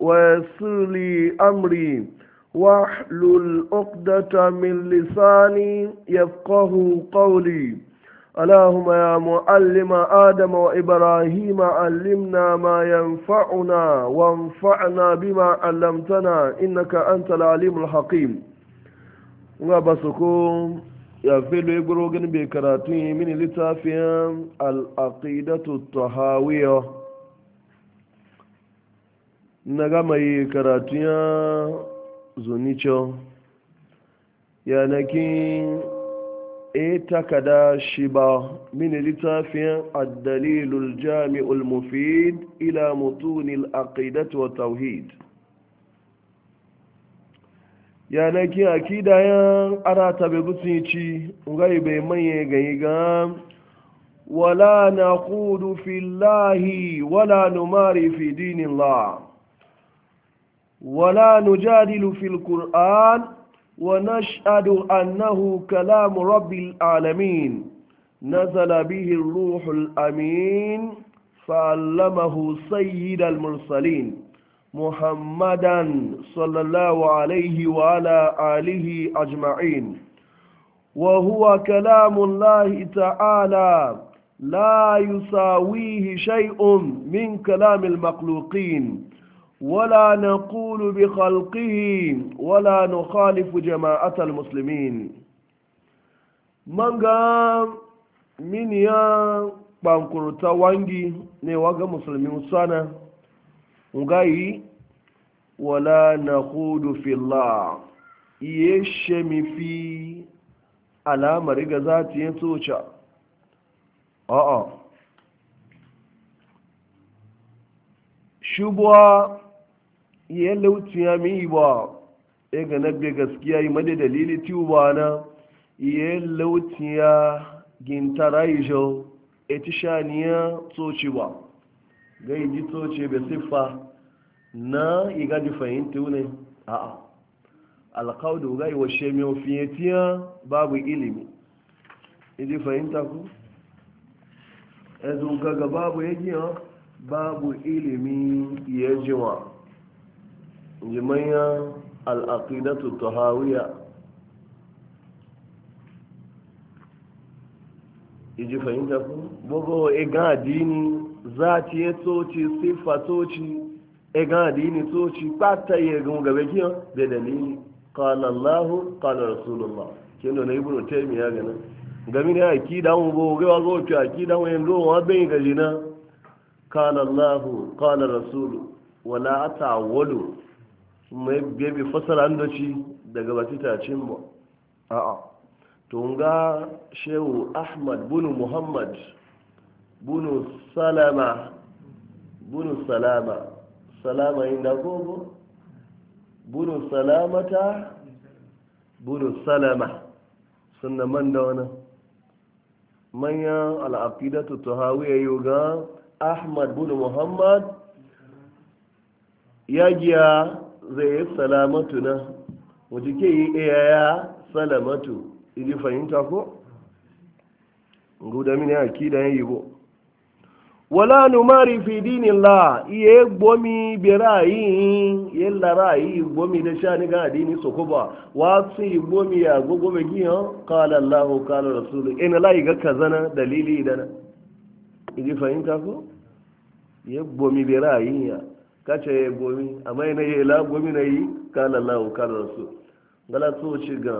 ويسر لي أمري واحلل عقدة من لساني يفقه قولي اللهم يا معلم آدم وإبراهيم علمنا ما ينفعنا وانفعنا بما علمتنا إنك أنت العليم الحكيم وبسكم ya filo ya gurogin bai karatu mini littafin al'aƙidatu tahawiyar na gama yi karatu ya zunicho yanakin e takada shi ba mini littafin addalilul jami'ul mufid ila mutunil aqidat wa tauhid yanakin akida ya arata bai gutsun ci ngai bai manye gani ga wala na kudu fillahi wala numari fi dinin la'a. ولا نجادل في القرآن ونشهد أنه كلام رب العالمين نزل به الروح الأمين فعلمه سيد المرسلين محمدا صلى الله عليه وعلى آله أجمعين وهو كلام الله تعالى لا يساويه شيء من كلام المخلوقين ولا نقول بخلقه ولا نخالف جماعة المسلمين من قام من يا بانكرتا وانجي نيواغا مسلمين سانا نغاي ولا نقول في الله يشمي في alamar ga za ta yi tsoce a'a shubuwa iya ya mi ba e ga be gaskiya yi made dalili ba na iya lauciya gintara yi jau ya ti shaniya tsoci ba ga yi ji tsoci bai siffa na iga ji fahimta ne a'a alkaudu ga yi wa shemiyon fiyetiya babu ilimi idi fahimta ku ezun gaga babu yajiya? babu ilimi ya jiwa jimanya al'aqidatu tahawiya iji fahimta ku gbogbo egan adini zati ya tsoci siffa tsoci egan adini tsoci kpata ya gan gabe kiyan da dalili qala allah qala rasulullah kendo na ibnu taymiya gana gami ne akida mu bo gawa go ki akida mu endo wa be ga jina qala allah qala rasul wala atawalu mai bebe fasara an daci daga batita cin ba a'a to ga shehu ahmad bunu muhammad bunu salama bunu salama salama inda gogo bunu salamata bunu salama sunna man da wani manyan al'afidatu tuhawiyya yau ga ahmad bunu muhammad ya giya zai yi salamatu na wace ke yi iyaya salamatu iji fahimta ko guda mini akida yi bo wala numari fi dinillah iye gbomi bi ra'ayi iye la ra'ayi gbomi da shani ga dini soko ba wa su gbomi ya gogo be giyan qala allah qala rasul in la ga kazana dalili dana iji fahimta ko iye gbomi bi ra'ayi ya kace ya gomi amma yana yi la gomi na yi kala lahu kala rasul gala so ci ga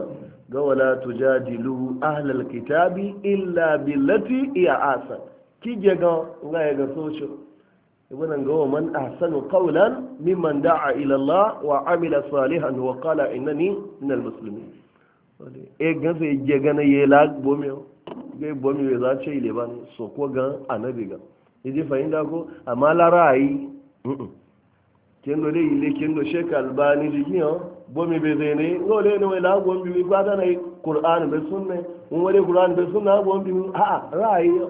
ga wala tujadilu ahlal kitabi illa billati iya asa kige ga ga ya ga so ci ibn ga wa man ahsanu qawlan mimman da'a ila Allah wa amila salihan wa qala innani min al muslimin e ga sai je ga na yi la gomi ga gomi ya za ce ile ban so ko ga anabi ga idi fahimta ko amma la ra'ayi kendo dai ile kendo shek albani jigi yo bomi be zene ngole ne wala gon bi ba da nai qur'an be sunne mun wale qur'an be sunna gon bi ha a rai yo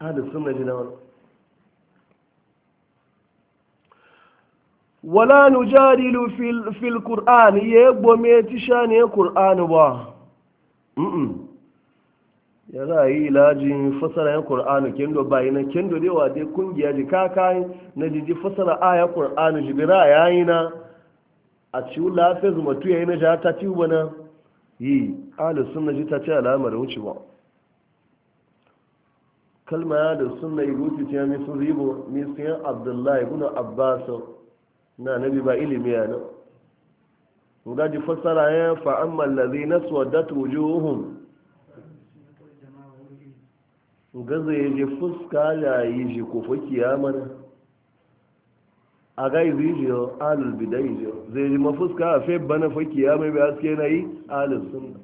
hada sunna jina wala wala nujadilu fil fil qur'an ye bomi tishani qur'an ba mm Yanzu a yi ilajin fasara yan ƙur'anu kendo bayi na kendo dai wa dai kungiya ji kakai na jiji fasara aya ƙur'anu jibira ya yi na a ciwu lafiya zuma tuya yi na ja ta ci wani yi ala sunna ji ta ce alamar ba kalma ya da sunna yi rufi ce yami sun ribo misiyan abdullahi guna abbasu na nabi ba ilimi ya nan. Ga ji fasara yan fa'amman lazi na suwadat wujuhun gaza ya je fuska ya yi shi ko faki mana a ga yi zijiyo alul bidai jiyo zai ji mafuska a fe bana faki ya mai bai haske na yi alul sunna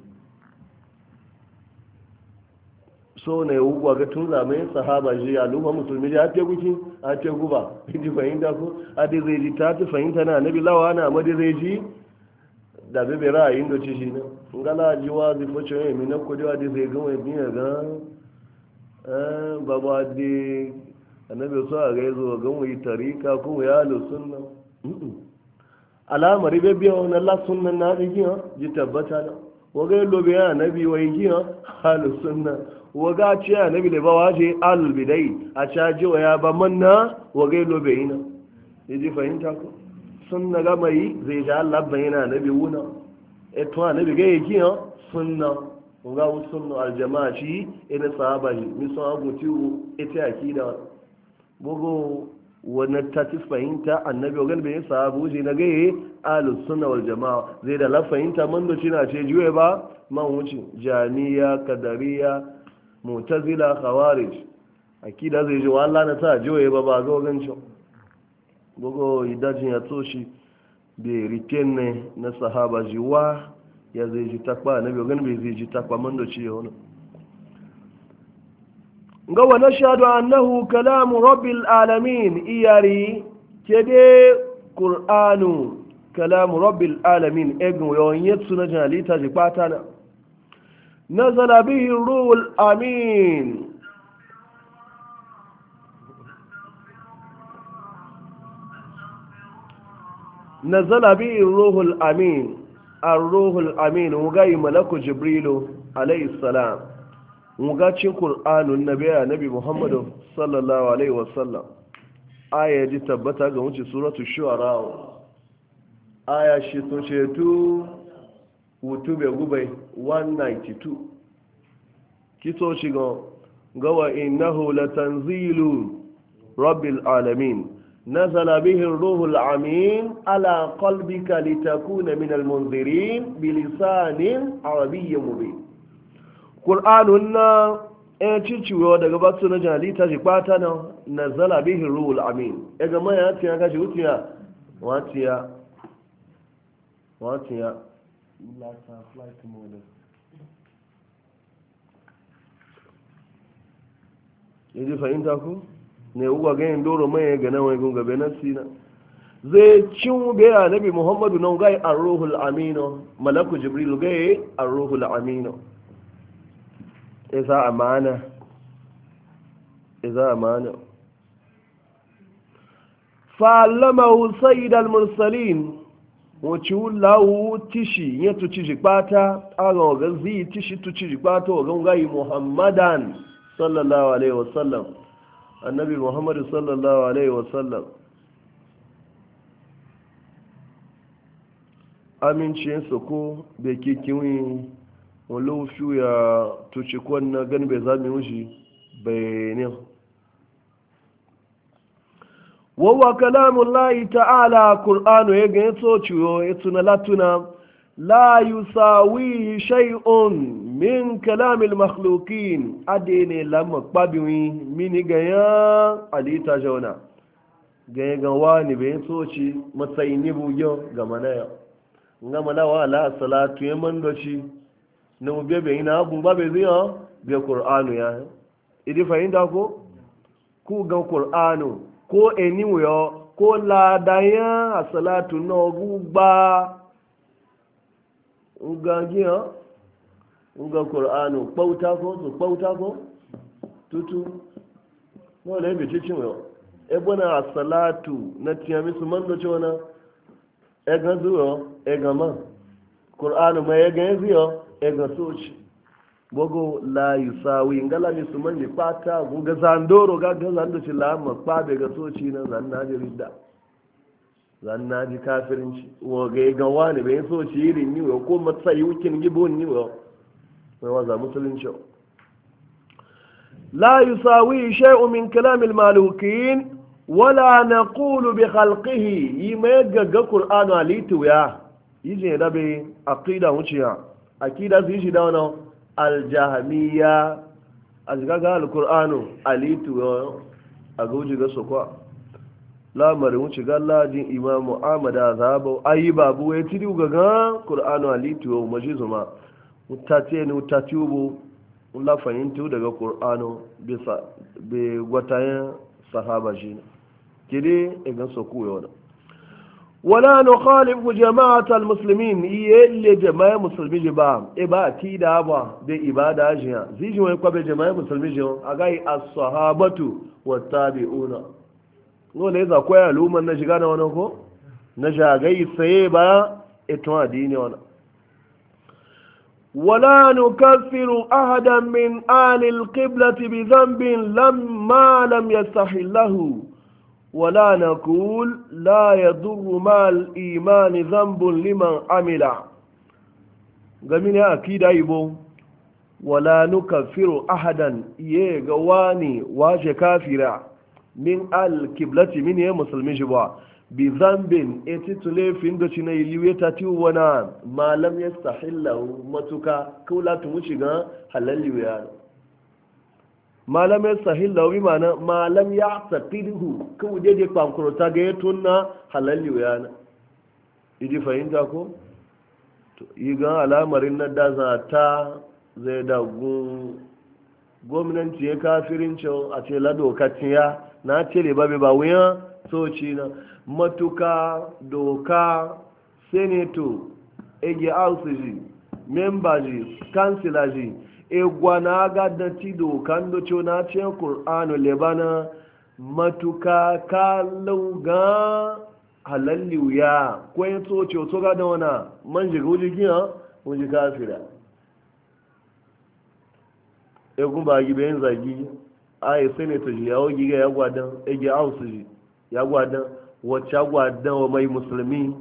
so na yi hukwa ga tun zamanin sahaba ji ya lufa musulmi ji hafiya guki hafiya guba ji fahimta ko adi zai ji ta fi fahimta na nabi lawa na amadi zai ji da bebe ra'ayin da ci shi na ngala ji wa zai fashe mai na kudi wa zai gama biya ga Eh, babu de annabi so a gaizo ga mu yi tarika ko mu yalo sunna alamar ibe biya wani la sunna na ji kiyan ji tabbata na Wa yi lobe ya annabi wa yi kiyan halu sunna waga ce ya annabi da ba waje alul bidai a caji wa ya ba manna waga yi lobe yi na ya ji fahimta ko sunna gama yi zai ga allah bayyana annabi wuna eto annabi ga yi kiyan sunna nga sunnu aljamaa ci ina sahaba ji mi so abu tiwu ete akida bogo wani tati fahimta annabi ogan bai sahabu ji na gaye alu sunna wal jamaa zai da la fahimta man do cina ce juwe ba man wuce jamiya kadariya mu'tazila khawarij akida zai ji wallahi na ta juwe ba ba ga ogan ci bogo idajin ya toshi bai rikenne na sahaba ji wa ya zai ji takwa biyu gani bai zai ji takwa man da ci yawon ga wa nashhadu annahu kalamu rabbil alamin iyari ke de qur'anu kalamu rabbil alamin egun yawon yatsu na janalita ji na nazala bihi ruhul amin nazala bihi ruhul amin arruhul amin wugayi malaku jibrilu alayhi salam cikin qur'anun nabiya nabi muhammadu sallallahu alaihi wasallam aya ji tabbata ga wuce suratu shu'ara aya shi to wutu mai gubai 192 kito shi ga gawa innahu latanzilu rabbil alamin نزل به الروح العمين على قلبك لتكون من المنذرين بلسان عربي مبين قرآننا ɗaya ciciwa daga batu na jali ta jikwata na na zala bihin ruhul amin ya gama ya tiya shi utiya? watiya watiya fahimta ku? ne uwa ga yin doro mai ga nan wani gabe na sina zai cin be ya nabi muhammadu nan gai arruhul amino malaku jibril gai arruhul amino iza amana iza amana fa'allamahu sayyidal mursalin wacce lawu tishi ya tuci jikpata aga ga zi tishi tuci jikpata oga ngayi muhammadan sallallahu alaihi wasallam annabi muhammadu sallallahu alaihi wasallam amincin su ko da ke kiwin wani fiye ya tuci kwanna gani bai zami wuce bayanin wawa kalamun layi ta'ala kur'anu ya gani so ciwo ya tuna latuna la yusawihi shay'un min kalamil makhlukin ade adini lamma kpabiwi mini gaya alita jauna gaya ga wani bai soci matsayi ni buyo ga mana yau nga mana wa la salatu ya mandoci na mu be ina bu ba bai zuwa bai qur'anu ya idi fahinda ko ku ga qur'anu ko eni yo ko ladaya asalatu na ogugba ugangi ha ga qur'anu ƙauta ko su ƙauta ko tutu wani le cikin yau? mo e bona salatu na tiyami su mando chona e ga zuwa e ga ma qur'anu ma ya ga zuo e ga soci gbogbo layu e sawi, ngala mi su mandi pata ga zandoro ga ga zando ci la ma ga soci na zan na ji rida? zan na ji kafirin shi? E wa ga ga wani yi soci irin ni wo ko matsayi wukin gibon ni mai waza musulunci la yusawi shay'un min al malukin wala naqulu bi khalqihi yima gaga qur'anu alitu ya yije da be aqida wuciya aqida zai shi da wannan aljahmiya azgaga alqur'anu alitu a gauji ga sokwa lamarin wuce gallajin imamu amada zabo ayi babu ya tiri gaga qur'anu alitu majizuma mutatiye ne mutatiyu ubu la fahimtu daga qur'ano be gwatayen sahaba shi ne kiri igan so ku yau wala khalif jama'at iye le jama'a muslimi ba e ba ti da ba de ibada jiya ziji wani be jama'a muslimi jiya agai as-sahabatu wa tabi'una." no ne za koya luman na shiga na wani ko na shagai saye ba eto adini wannan ولا نكفر أحدا من آل القبلة بذنب لما لم يستحله ولا نقول لا يضر مع الإيمان ذنب لمن عمل gamin ya akida ibo wala nukaffiru ahadan ye ga wani waje kafira min al-kiblati ya musulmi shi ba bi zambin e titu fi da shi na iliwe ta ti wana malam ya sahila matuka kula tu mu shiga halalli ya malam ya sahilla bi mana malam ya taqidhu ku je je pankuro ta ga tunna halal ya na idi fahimta ko to ga alamarin na da za ta zai da gu gwamnati ya kafirin a ce lado katiya na cire babe ba so ci na matuka doka seneto ege ausiji membaji kansilaji egwa na aga dati dokan doce na cin kur'anu lebana matuka kalauga halalli wuya kwayin tsoce wato gada wana man jiga wuji gina wuji kafira egun ba gibe yin zagi a yi seneto ji yawo giga ya gwadan ege ausiji ya gwadan wacce gwadawa mai musulmi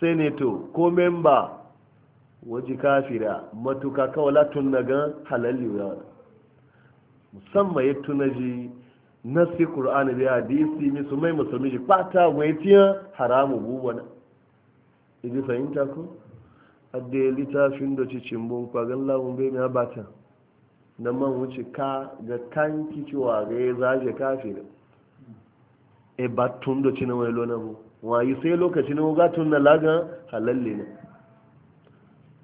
senator ko memba waji kafira matuka kawala tun daga halalli ya musamman ya tuna ji na nasi ƙur'ani da hadisi misu mai musulmi ji fata mai tiyan haramu buwana idi fahimta ko adde littafin da ci cimbon kwagan lamun bai na bata na man wuce ka ga kan kicewa ga ya zaje kafira e ba tun da cinin wani lona bu wayi sai lokaci na wuga tun na lagan halalle ne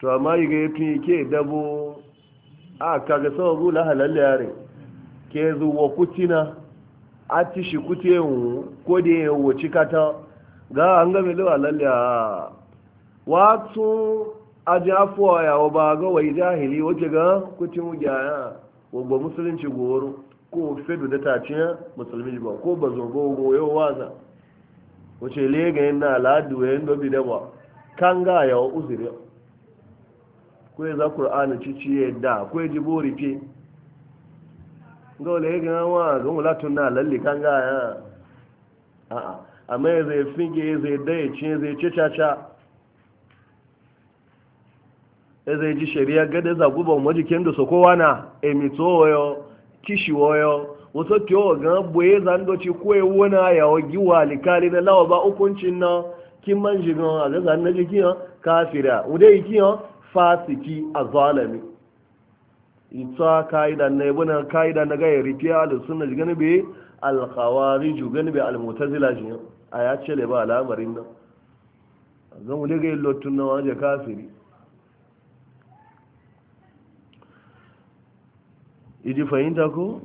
to amma yi ga yakin ke dabo a kaga sawa gula halalle yare ke zuwa kutina a ci shi kuti mu ko da ya wuci kata ga an mai da halalle a a ji afuwa yawa ba ga wai jahili wace ga kutin wuga wabba musulunci goro ko fedu da taciyar musulmi ba ko ba zobo yau waza wace lega yin na aladu ya yin dobi da ba kan ga yawa uzuri ko ya za ƙur'ani cici ya da ko ya ji bori fi ga ya gina wa ga mulatun na lalle kan ga ya a'a amma ya zai finge zai daya ce zai ce caca ya zai ji shari'a gada zaguban majikin da su kowa na emito yau kishiwoyo wasu tiyo ga ku e ko ya wuna ya wagi kale na lawa ba hukuncin na kin man jigan a zan na ha kafira ude ha fasiki a zalami ita kaida na ibuna kaida na ga yarifiya da sunna jigan be al khawarij jigan be al mu'tazila ji a ya ce le ba al'amarin na zan wule ga lotun na waje kafiri iji fahimta ko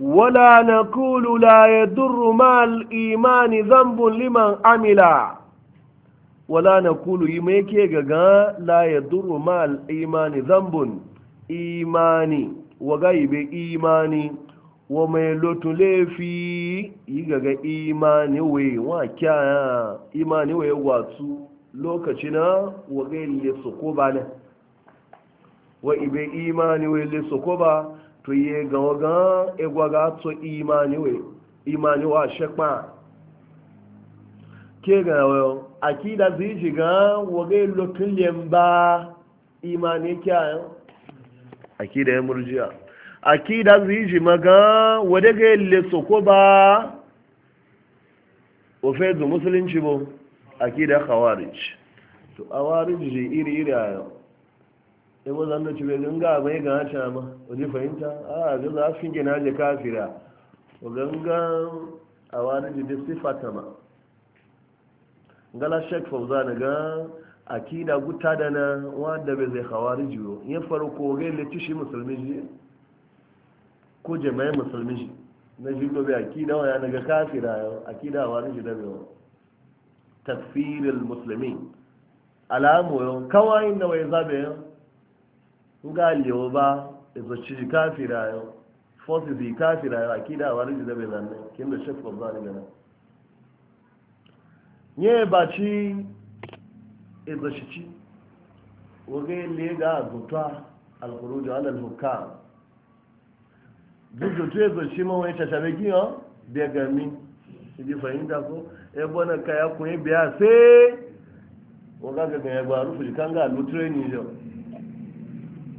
wala na kulu la ya duru mal zambun liman amila wala na kulu yi mai ke gaga la ya duru mal imani zambun imani waga ibe imani wa mai lotun laifi yi gaga imani we wa imani we watsu lokaci na waga yi ko ba na wa ibe imani we le sokoba to ye gangan gan egwa ga to imani we imani wa shekpa ke ga akida ziji ga wo ge lo tulemba imani kya akida e ya murjiya akida ziji maga wo de ge le sokoba o fe du musulunci bo akida khawarij to awarij iri iri ayo sai ba zan ci bai ganga mai gana ta ma ji fahimta a ah, ga za su gina je kafira o ganga a wani jide sifata ma gala shek fauza na ga akida guta da na wanda bai zai hawari jiyo ya farko gai lati shi musulmi ji ko jama'in musulmi ji na ji gobe akida wa ya na ga kafira yau akida a wani jide bai tafsirul musulmi alamu yau kawai na wai zabe yau Ngali lewo ba ezo ci kafira yo fosi zi kafira yo akida wari ji zabe zanne kin da shek babba ne gana nye ba ci ezo ci ci wage le ga gutwa alkhuruj ala alhukam bujo tu ezo ci mo wani e chachabe ki yo de gami ji fahimta ko e bona kaya kun biya sai waga ga ga ya gwaru fuji kan ga lutre ni jo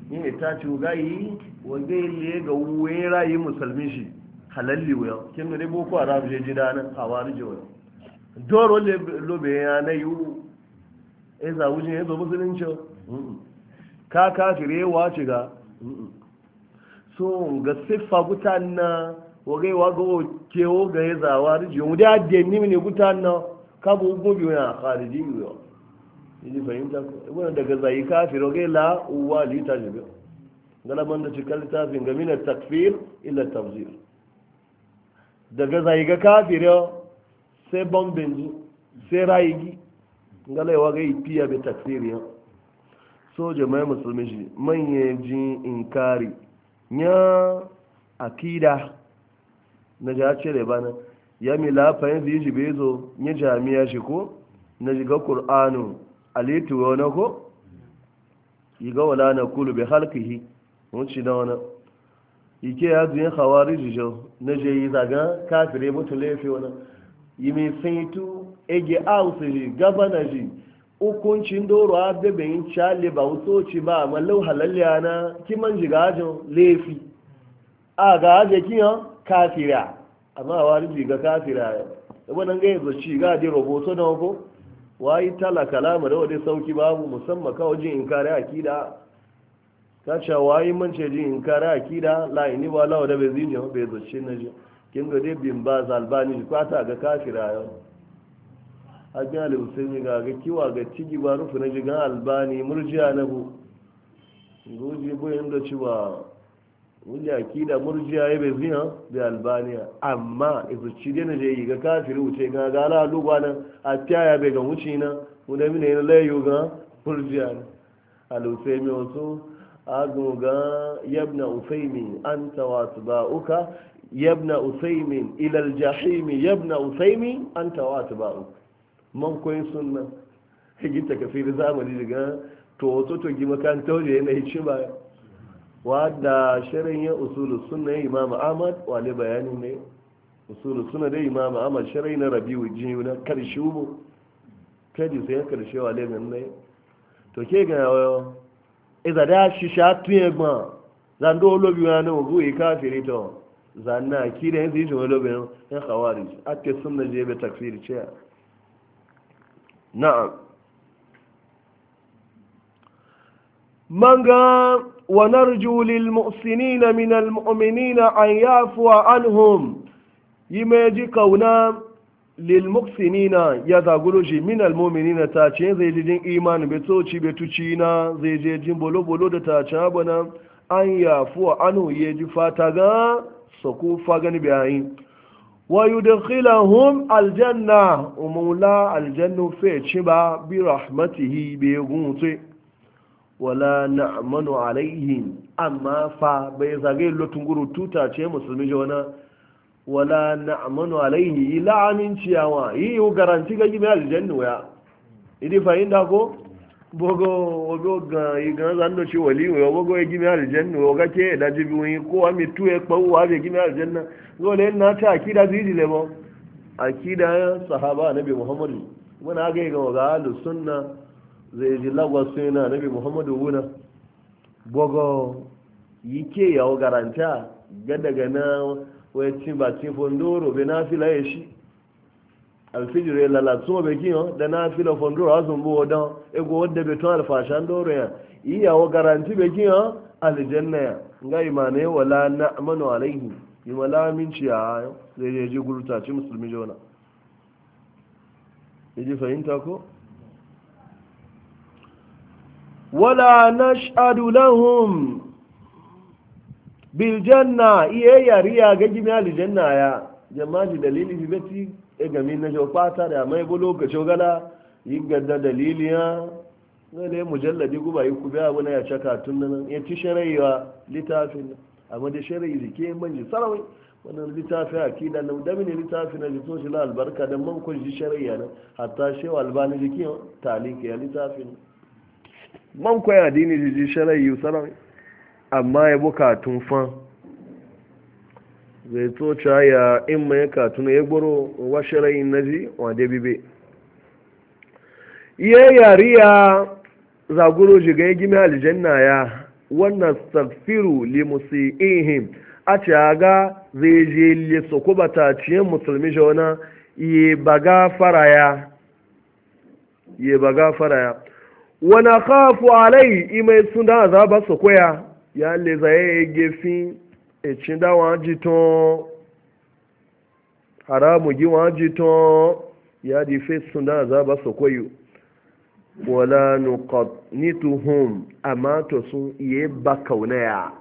ne ta ci gayi wa gaile ga wuwe rayi musulmi shi halalli wuya kin ne boko arab je ji a hawari je wuya doro le lobe ya na yu e za wuje ne zo musulunci ka ka kire wa ci ga so ga siffa gutan na wa gai wa go kewo ga za wa rijiyo mu da de ni ne gutan na ka bu gobi na khariji yo yi fahimta ko wannan daga zai kafiro ga la uwa li tajib galaman da cikar littafin ga min takfir illa tabzir daga zai ga kafiro sai bombin zu sai rayigi galaiwa ga ipiya be takfir ya so jama'a musulmi shi manye jin inkari nya akida na ja cire bana ya mila fahimta yi ji bezo nya jami'a shi ko na shiga qur'anu alitu wani ko yi ga wala na kulu bi halkihi mun ci da wani ike ya zuyin hawari jijo na je yi zaga kafire mutu laifi wani yi mai saitu ege ausu ji gabana ji hukuncin doro abebeyin cale ba wutoci ba amma lau halalliya na kiman jigajin laifi a ga aje kiyan kafira amma a wari jiga kafira ya wannan ga yanzu ci ga di roboto na wako wayi kalama da wadda sauki babu musamman kawo jin inkari akida ta ce wayi mance jin inkari akida la'ini ba lawa da bai zini bai zoce na ji kin ga dai bin ba zalbani ji kwata ga kafira yau a gina alhussein ga ga kiwa ga tigi ba rufu na jigan albani murjiya na bu guji bu yin da ci ba wunja akida murjiya ya bai zina da albaniya amma izuci dai na je yi ga kafiri wuce ga gala lugwa nan a tiya bai ga wuce na wanda mina yana layu ga murjiya ne alusai mai wasu agun ga yabna usaimin an tawasu ba uka yabna usaimin ilal jahimi yabna usaimin an tawasu ba uka man koyin sunna higita kafiri zamani daga to wato to gi makanta wajen yanayi ci baya wadda shirin ya usulu suna ya imam ahmad wale bayanin ne usulu suna da imam ahmad shirin na rabiu jiyu na karshe ubu kaji sai ya karshe wale min ne to ke ga wayo iza da shi sha tuye ma zan do lobi wa na ugu e kafiri to zan na ki da yanzu shi lobi ya kawari akke suna je be takfir ce na'am manga wa narju lil mu'sinina min al an yafwa anhum yimeji kauna lil ya zaguluji min al mu'minina zai jin imani be toci be zai je jin bolo bolo da ta ce bana an yafuwa anhu yeji fata ga soko fagani bayin wa yudkhilahum aljanna umula aljannu fe ba bi rahmatihi be gunte wala na'manu alaihim amma fa bai zage lotun guru tuta ce musulmi jona wala na'manu alaihi la'amin ciyawa yi yi garanti ga gimi aljanna waya idi fa fahimta ko bogo ogo ga yi igan zando ci wali wo bogo e gimi aljanna wo gake da jibi wani ko ami tu e pa wa be gimi aljanna gole na ta akida zidi lebo akida sahaba nabi muhammad muna ga ga ga sunna zai ji lagwasu na nabi muhammadu wuna bogo yi ke yawo garanta ga daga na wacin ba cin fondoro bai na fila ya shi Alfijirai lalatu ma bekin yau da na fila fondoro a sun buwa don ego wadda bai tun alfashan doro ya yi yawo garanti bai yau aljanna ya Nga imanai wala na amanu alaihi yi malaminci a yau zai je ji gurutaci musulmi jona. Iji fahimta ko? wala nash'adu lahum bil janna iye a ga gimi aljanna ya jama'i dalili bi beti e gami na jo fata da mai bo lokacin gala yi gadda dalili ya ne mujalladi guba yi kubi abu na ya caka tun nan ya ci sharaiwa littafin amma da sharai zike manji sarawai wannan littafi akida nan da mini littafi na jito shi la albarka da man kun shi sharai yana. nan hatta shewa albani jiki talike ya littafin man koyan addini jiji sharai yi amma ya bu katun fan zai toca ya in mai katun ya gboro wa sharai na ji wade ihe iya ya zaguro shiga ya gimi aljanna ya wannan tsafiru limusi ihim a ce ga zai je lisa ko ba ta ciyen musulmi shauna ye baga faraya ya. baga faraya wana ala alai ime sun da za ba su koya ya le zaye gefin e cin da wa jiton haramu gi wa jiton ya di fe sun da za ba su koyo wala nuqannituhum amma to sun iye ba kaunaya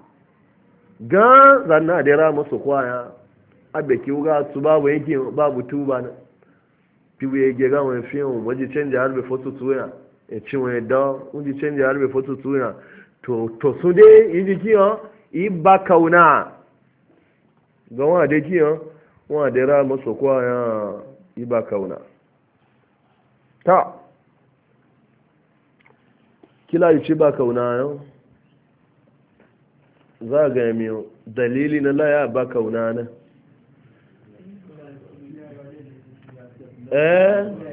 ga zanna da ra musu kwaya abe ki uga su babu yankin babu tuba na fiye ge ga wani fiyan waje canja harbe fosu tuya e ci wọn ẹdọ ń di change arúgbó fótótó yàn sún dé ìdí kí hàn ìbá náà gan wọn àdé kí hàn wọn àdé rà mọ́sọ̀kọ àyàn ìbá náà. tá kí láyé yàn za a gaya miyo dalili na laya ba kauna na eh?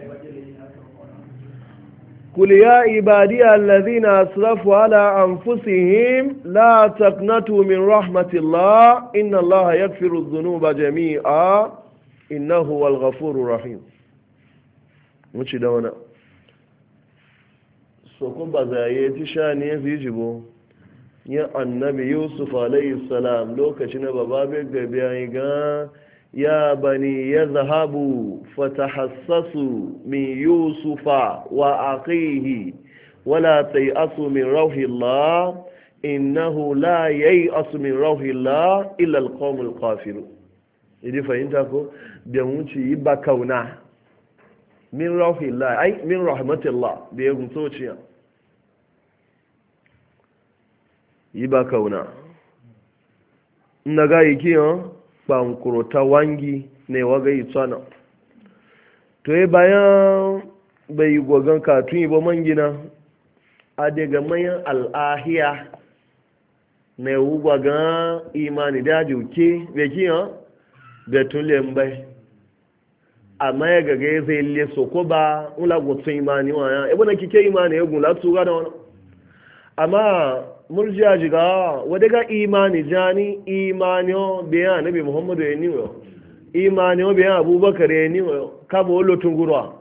قل يا عبادي الذين أسرفوا على أنفسهم لا تقنطوا من رحمة الله إن الله يغفر الذنوب جميعا إنه هو الغفور الرحيم muci da wani sokun ba zaye ti sha ne ya fi jibo ya annabi yusuf alayhi salam lokaci na baba ya yi ya bani ya zahabu fatahassasu min yusufa wa aqihi wala tai'asu min rauhillah innahu la yai'asu min rauhillah illa alqawmul kafirun idi fahimta ko da wuce yi ba kauna min rauhillah ai min rahmatillah da ya gunso ciya yi ba kauna na ga yi kiyan kpankurota wangi ne waga itsana to yi bayan bai gwagon katun yi ba mangina a daga mayan al'ahiya na yi gwagon imani da juke da kiyan da tulen bai amma ya gaga ya zai le soko ba ula gutsun imani wa ya ibi na kike imani ya gula tura da wani amma murjiya jiga wadda ga imani jani imaniyo biya nabi muhammadu ya niwo imaniyo biya abubakar ya niwo kabo lotun gurwa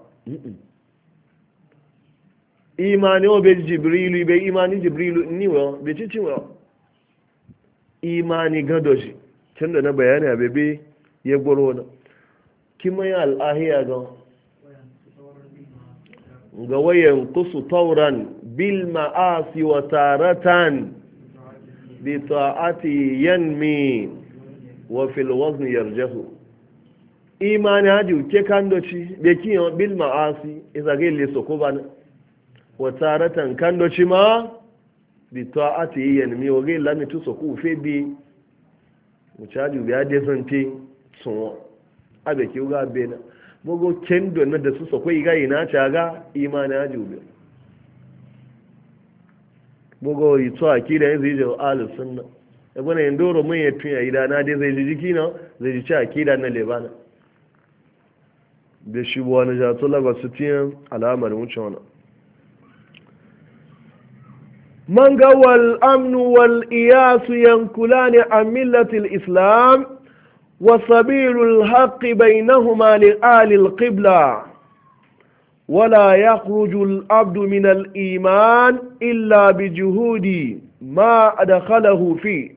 imaniyo be jibrilu be imani jibrilu ni wayo be cici wayo imani gadoji can da na bayani a bebe ya gwaro na kima ya al'ahiyar ga ga wayan kusu tauran bil ma'asi wa taratan bi ta'ati yanmi wa fil wazn yarjahu imani haji uke kandoci be kiyan bil ma'asi izage le sokoba wa taratan kandoci ma bi ta'ati yanmi wa ge lami tu soku fe bi mu caji bi ade sante sun abe ki uga be na bogo kendo na da su yi ga ina caga imani haji ubi bugo yi eh, eh, to akida yin zai jawo ahlus eh, sunna yin doro mun ya tuya ida na dai zai ji jiki na zai ji ci akida na lebana da shi buwa na jato lagos tiyan alamar wuce wani man ga wal amnu wal iyasu yankula ne a millatil islam wa sabilul haqqi bainahuma li alil qibla ولا يخرج العبد من الإيمان إلا بجهود ما أدخله فيه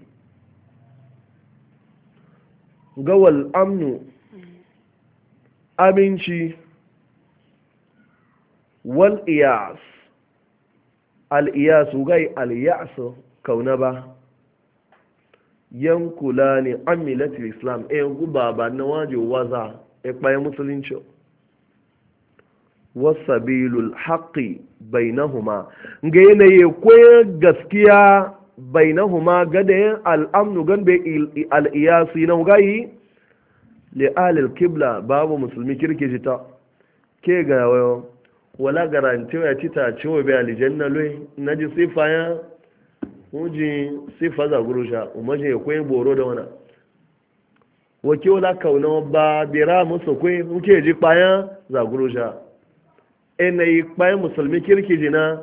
قوى الأمن أمنشي والإياس الإياس غي الإياس كونبا ينقلان عملة الإسلام إيه قبابا نواجه وزا إقبال مسلمين شو wasabilul haqqi bainahuma ga yanayi kwaye gaskiya bainahuma yin al'amnu ganbe al'iyasi na gayi li'alil kibla babu musulmi kirki ta ke ga wala garanti ya ci ta ci wa biya aljanna loyi na ji sifa ya wuji sifa za gurusha umarji ya kwaye boro da wana wakil wala kauna ba bira musu kwe muke ji kwayan za gurusha enayi kpai musulmi kirki jina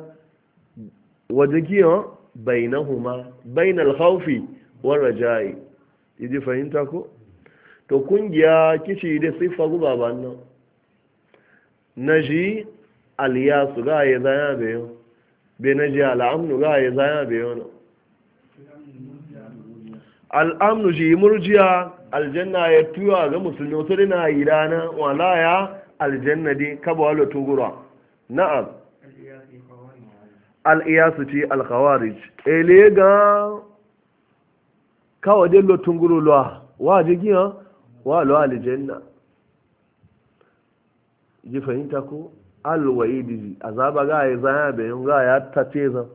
wajen kiyon bainahuma bainal haufi wal raja'i idi fahimta ko to kungiya kici da siffa guba ba nan ji aliyasu ga ya zaya bayo be naji al'amnu ga ya zaya bayo nan al'amnu ji murjiya aljanna ya tuwa ga musulmi wasu dina yi rana wala ya aljanna dai kaba wala tugura na'am al'iyasu ci alkhawarij ele ga kawaje lo tunguru lo wa jigiya wa lo aljanna ji fahimta ko alwaidi azaba ga ya zaya bayan ga ya tace za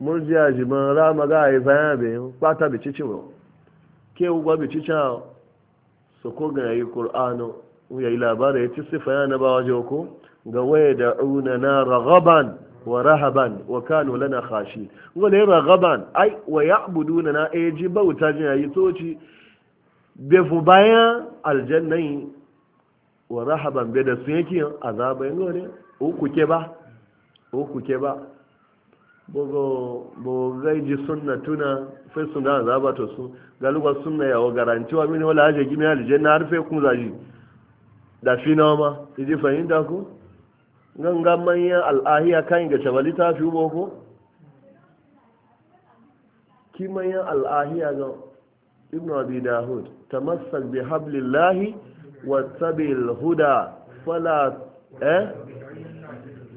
murjiya ji man rama ga ya zaya bayan kwata bi cici mu ke ugwa bi cici so ko ga yi qur'ano yayi labarai ya ci sifa yana ba waje ko ga waya da auna na ragaban wa rahaban wa kanu lana khashi wala ragaban ai wa ya'buduna na ai eh, ji bauta jin yayi toci be fu bayan aljannai wa rahaban be da su yake azaba yango ne uku ke ba uku ke ba bogo bo ji sunna tuna fe sun da azaba to su galuwa sunna yawo garantiwa mini wala aje gimi aljanna harfe kun zaji da fina ma idi fahimta ku ganga manyan al'ahiya kan ga shabali ta fi ko. ki manyan al'ahiya ga ibn abi dahud tamassak bi hablillahi wa tabil huda fala eh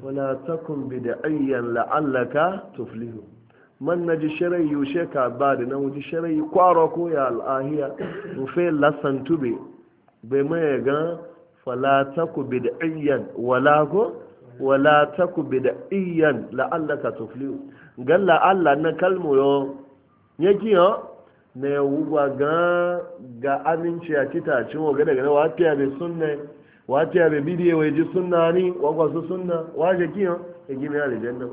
wala takun bid'ayyan la'allaka tuflihu man naji sharai yushe ka ba da nan wuji sharai kwaro ko ya al'ahiya rufe lasan tube bai mai ga fala taku bid'ayyan wala ko wala taku bid'iyyan la'allaka tuflihu gan la'alla na kalmo yo yake yo ne wuwa ga ga aminci a kita cin wa gada gada wa tiya be sunna wa tiya be bidiye wa ji sunna ni wa kwa su sunna wa je kiyo e gimi na ka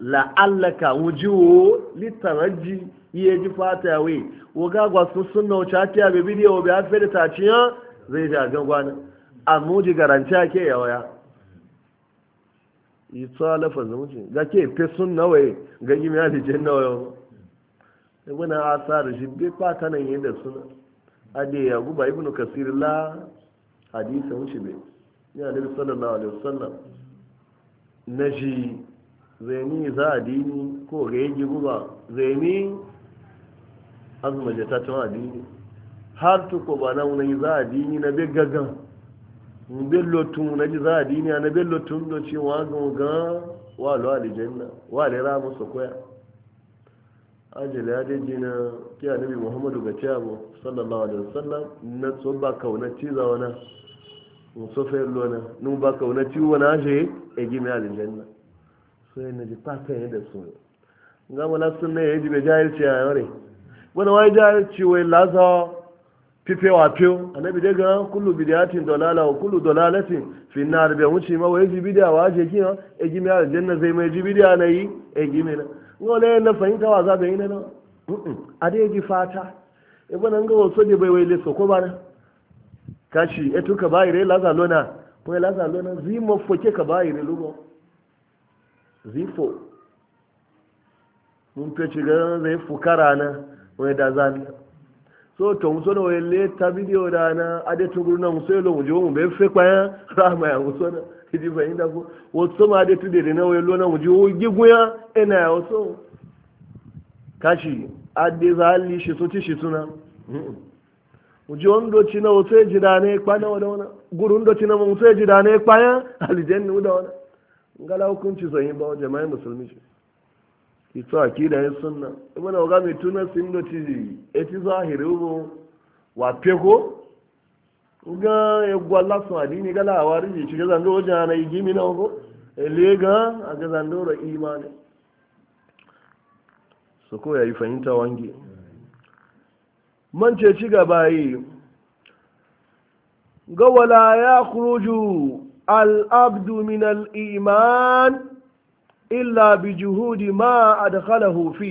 la'allaka wujuhu litaraji iye ji fata we wa ga kwa su sunna wa tiya be bidiye wa be afeda ta yo zai ja ga gwana amma ji garanti ake yawaya yi tsa lafazin ga ke fe sun nawaye ga yi mai alijin nawaye ba ibn asar shi bai fata nan yadda suna ade ya guba ibn kasir la hadisa wuce bai ya nabi sallallahu alaihi wasallam na shi zaini za a dini ko ga yi guba zaini azumajata tun adini har tuko ba na wunan za a dini na bai gaggan mun bello tun na ji za a duniya na bello tun da ce wa gangan wa lo alijanna wa le ra musu koya ajali ya daji na ki annabi muhammadu ga ciya mu sallallahu alaihi wasallam na so ba kauna ciza wana mun lona, fa yallo na nun ba kauna ci wana je e gimi alijanna sai na ji fata yadda su ne. ga mala sunna yaji be jahilci a yare wani wai jahilci wai lazawa fife wafiyo annabi daga kullu bidiyatin dalala wa kullu dalalatin fi nar bi wuce ma wai bidiya wa je kiyo e gimi al janna zai mai bidiya na yi e gimi na ngole na fahimta wa za bai na na a dai ji fata e bana ga so da bai wai le ko bana kashi e tuka bai re laza lona ko laza lona zi mo foke ka bai re lugo zi fo mun ci ga zai fukara na wai da zan so to muso na wele ta bidiyo da na ade tuguru na muso yelo muje mu be fe kwa rahma ya muso na idi fa inda ko wato ma ade tudere na o na muje o gigun ya ena ya wato kashi ade zali shi suti shi suna muje on do ci na wato ya jida ne kwa na wada wana guru do ci na mu wato ya e jida ne kwa ya aljannu da wana ngala hukunci zai ba jama'in musulmi shi ito akida ya sunna ibana waga mai tunan sin da tiji eti zahiri ubo wa peko uga ya gwalla a adini gala a wari ji shiga zando wajen ana yi gimi na ugo elega a ga zando ra imani so ko ya yi fahimta wangi man ce ci gaba yi ga ya kuruju al-abdu min al-iman illa bi juhudi ma adkhalahu fi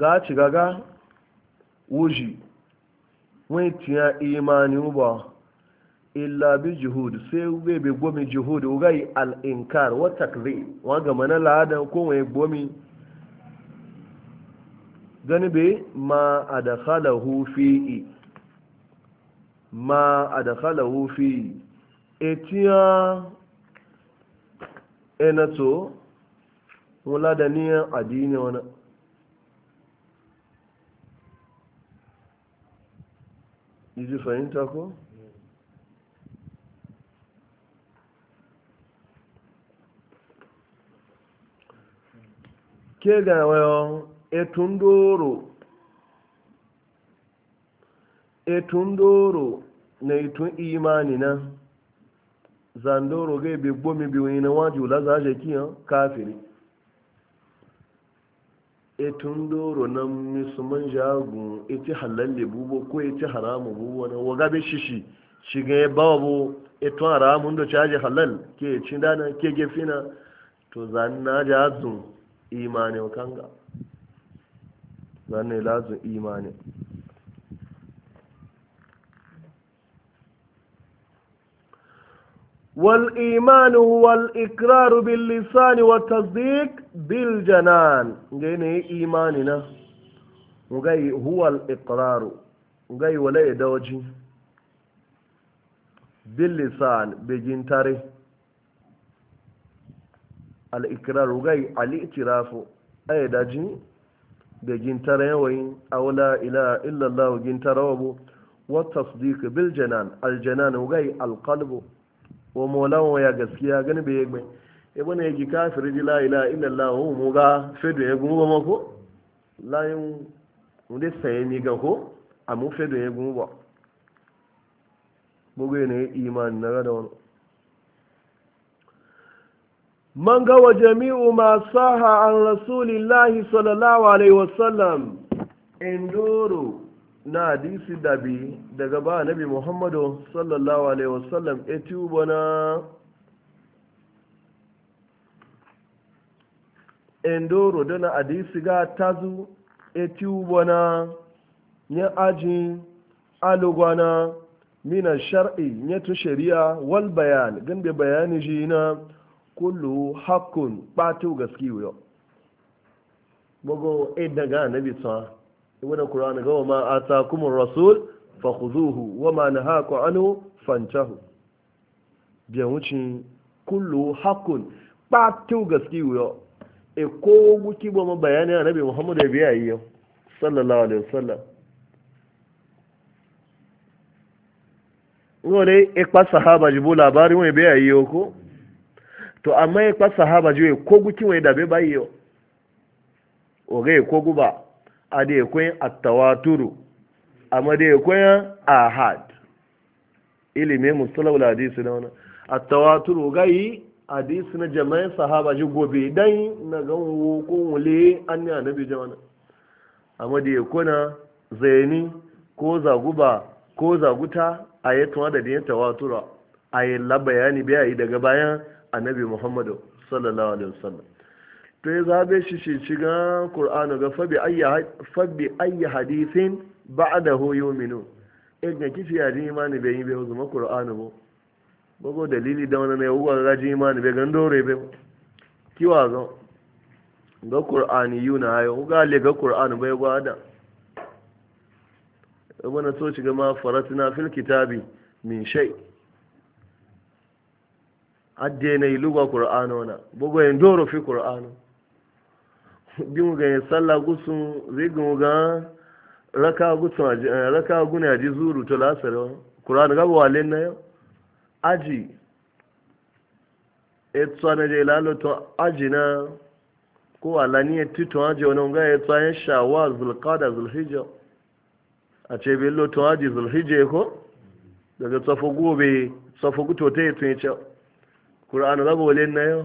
ga ci gaga wuji wai tiya imani uba illa bi juhud sai ube bi gomi juhud ugai al al'inkar wa takzib wa ga mana ladan ko wai gomi gani be ma adkhalahu fi ma adkhalahu fi etiya ena to wala da niyan addini wani iji fahimta ko? ke ga wayo etun e doro na etun imani na zandoro ga ibe gbomi bi wani e na waji wula za a kiyan kafiri etun doro na musulman jagun iti e halalle bubo ko iti e haramu bubo na waga bi shishi shiga ya bawa bu etun haramun da caji halal ke dana ke gefina to zanna jazun imanin kanga zanna lazun imanin والإيمان هو الإقرار باللسان والتصديق بالجنان غيني إيماننا غي هو الإقرار غي ولا يدوجي باللسان بجنتاري الإقرار غي الاعتراف أي داجي بجنتاري وين أو لا إله إلا الله جنتاري والتصديق بالجنان الجنان غي القلب wa molawa ya gaskiya gani bai yagbe ya bane yagi kafir ji la ila illa allah mu ga fedo ya gumu ba mako layin mu dai yi mi ga ko a mu fedo ya gumu ba bugu ne iman na da wani man gawa jami'u ma saha an rasulillahi sallallahu alaihi wasallam indoro na hadisi dabi daga ba nabi muhammadu sallallahu alaihi wasallam etubo na endoro dana hadisi ga tazu etubo na ya aji alugwana mina shar'i ya tu shari'a wal bayan gambe bayani ji na kullu hakun ɓato gaskiyo bugu ɗaya e daga nabi sa ibn qur'an ga wa ma atakumur rasul fakhuzuhu wa ma nahaku anhu fantahu bi wucin kullu hakun ɓatu gaske wuyo e ko muki bo ma bayani annabi muhammad ya biya yi sallallahu alaihi wasallam Ngore e pa sahaba jibo labari won biya yi ko to amma e pa sahaba jibo e ko guki won da be bayi yau e ko guba adekwai attawaturu a madekwai ahad ilimin musulawul hadisi na wani attawaturu gai hadisi na jama'in sahaba shi gobe dai na ganwo ko wule an yi annabi jama'a a madekwai zaini ko zaguba ko zaguta a yi tuwa da diyan tawatura a yi labayani biya yi daga bayan annabi muhammadu sallallahu alaihi wasallam to ya zabe shi shi shiga ƙur'anu ga fabi ayya hadithin ba da hoyo minu eh, ga kici ya ji imani bai yi bai zama ƙur'anu ba bago dalili da wani mai wuwa ga ji imani bai gan dore bai kiwa ga ga ƙur'ani yi na hayo ga le ga ƙur'anu bai gwada wani so shiga ma faratina fil kitabi min shai adde na yi lugwa ƙur'anu na bago yin doro fi ƙur'anu bin ga sallah gusun zai raka gusun eh, raka guna ji zuru to lasar Qur'an ga walin na aji etsa na je lalo to aji na ko alani et to aji ona nga wani ga etsa ya shawa zulqada zulhijja a ce bai lo to aji zul hijja ko daga tsafo gobe tsafo guto ta tun ce Qur'an ga walin na yau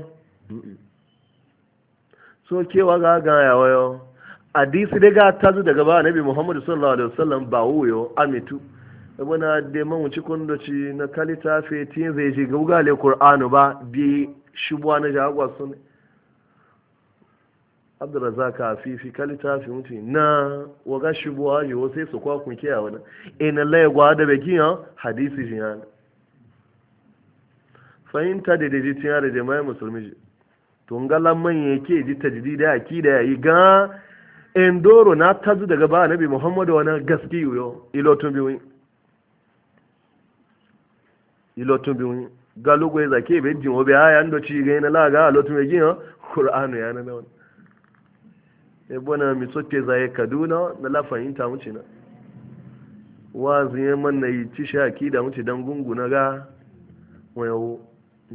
so kewa ga gaya wayo hadisi daga tazu daga ba nabi muhammadu sallallahu alaihi wasallam ba wuyo amitu ibuna da man wuci kundoci na kalita fetin zai ji gugale qur'anu ba bi shubwa na jagwa sun abdurrazak afifi kalita fi mutu na waga shubwa yo sai su kwa kun kiya wani ina e lai gwa da begiya hadisi jiyan fahimta da dijitiya da jama'a musulmi tun galan manya yake ji tajdidi akida yayi ga endoro na tazu daga ba nabi muhammadu wani gaski yo ilotun biwi ilotun biwi galugo ya zake be jin obi aya ndo ci ga ina laga ilotun be gin qur'anu ya na wani e bona mi ke zaye kaduna na la fahimta muci na wazin man na yi ci shaki da muci dan gunguna ga wayo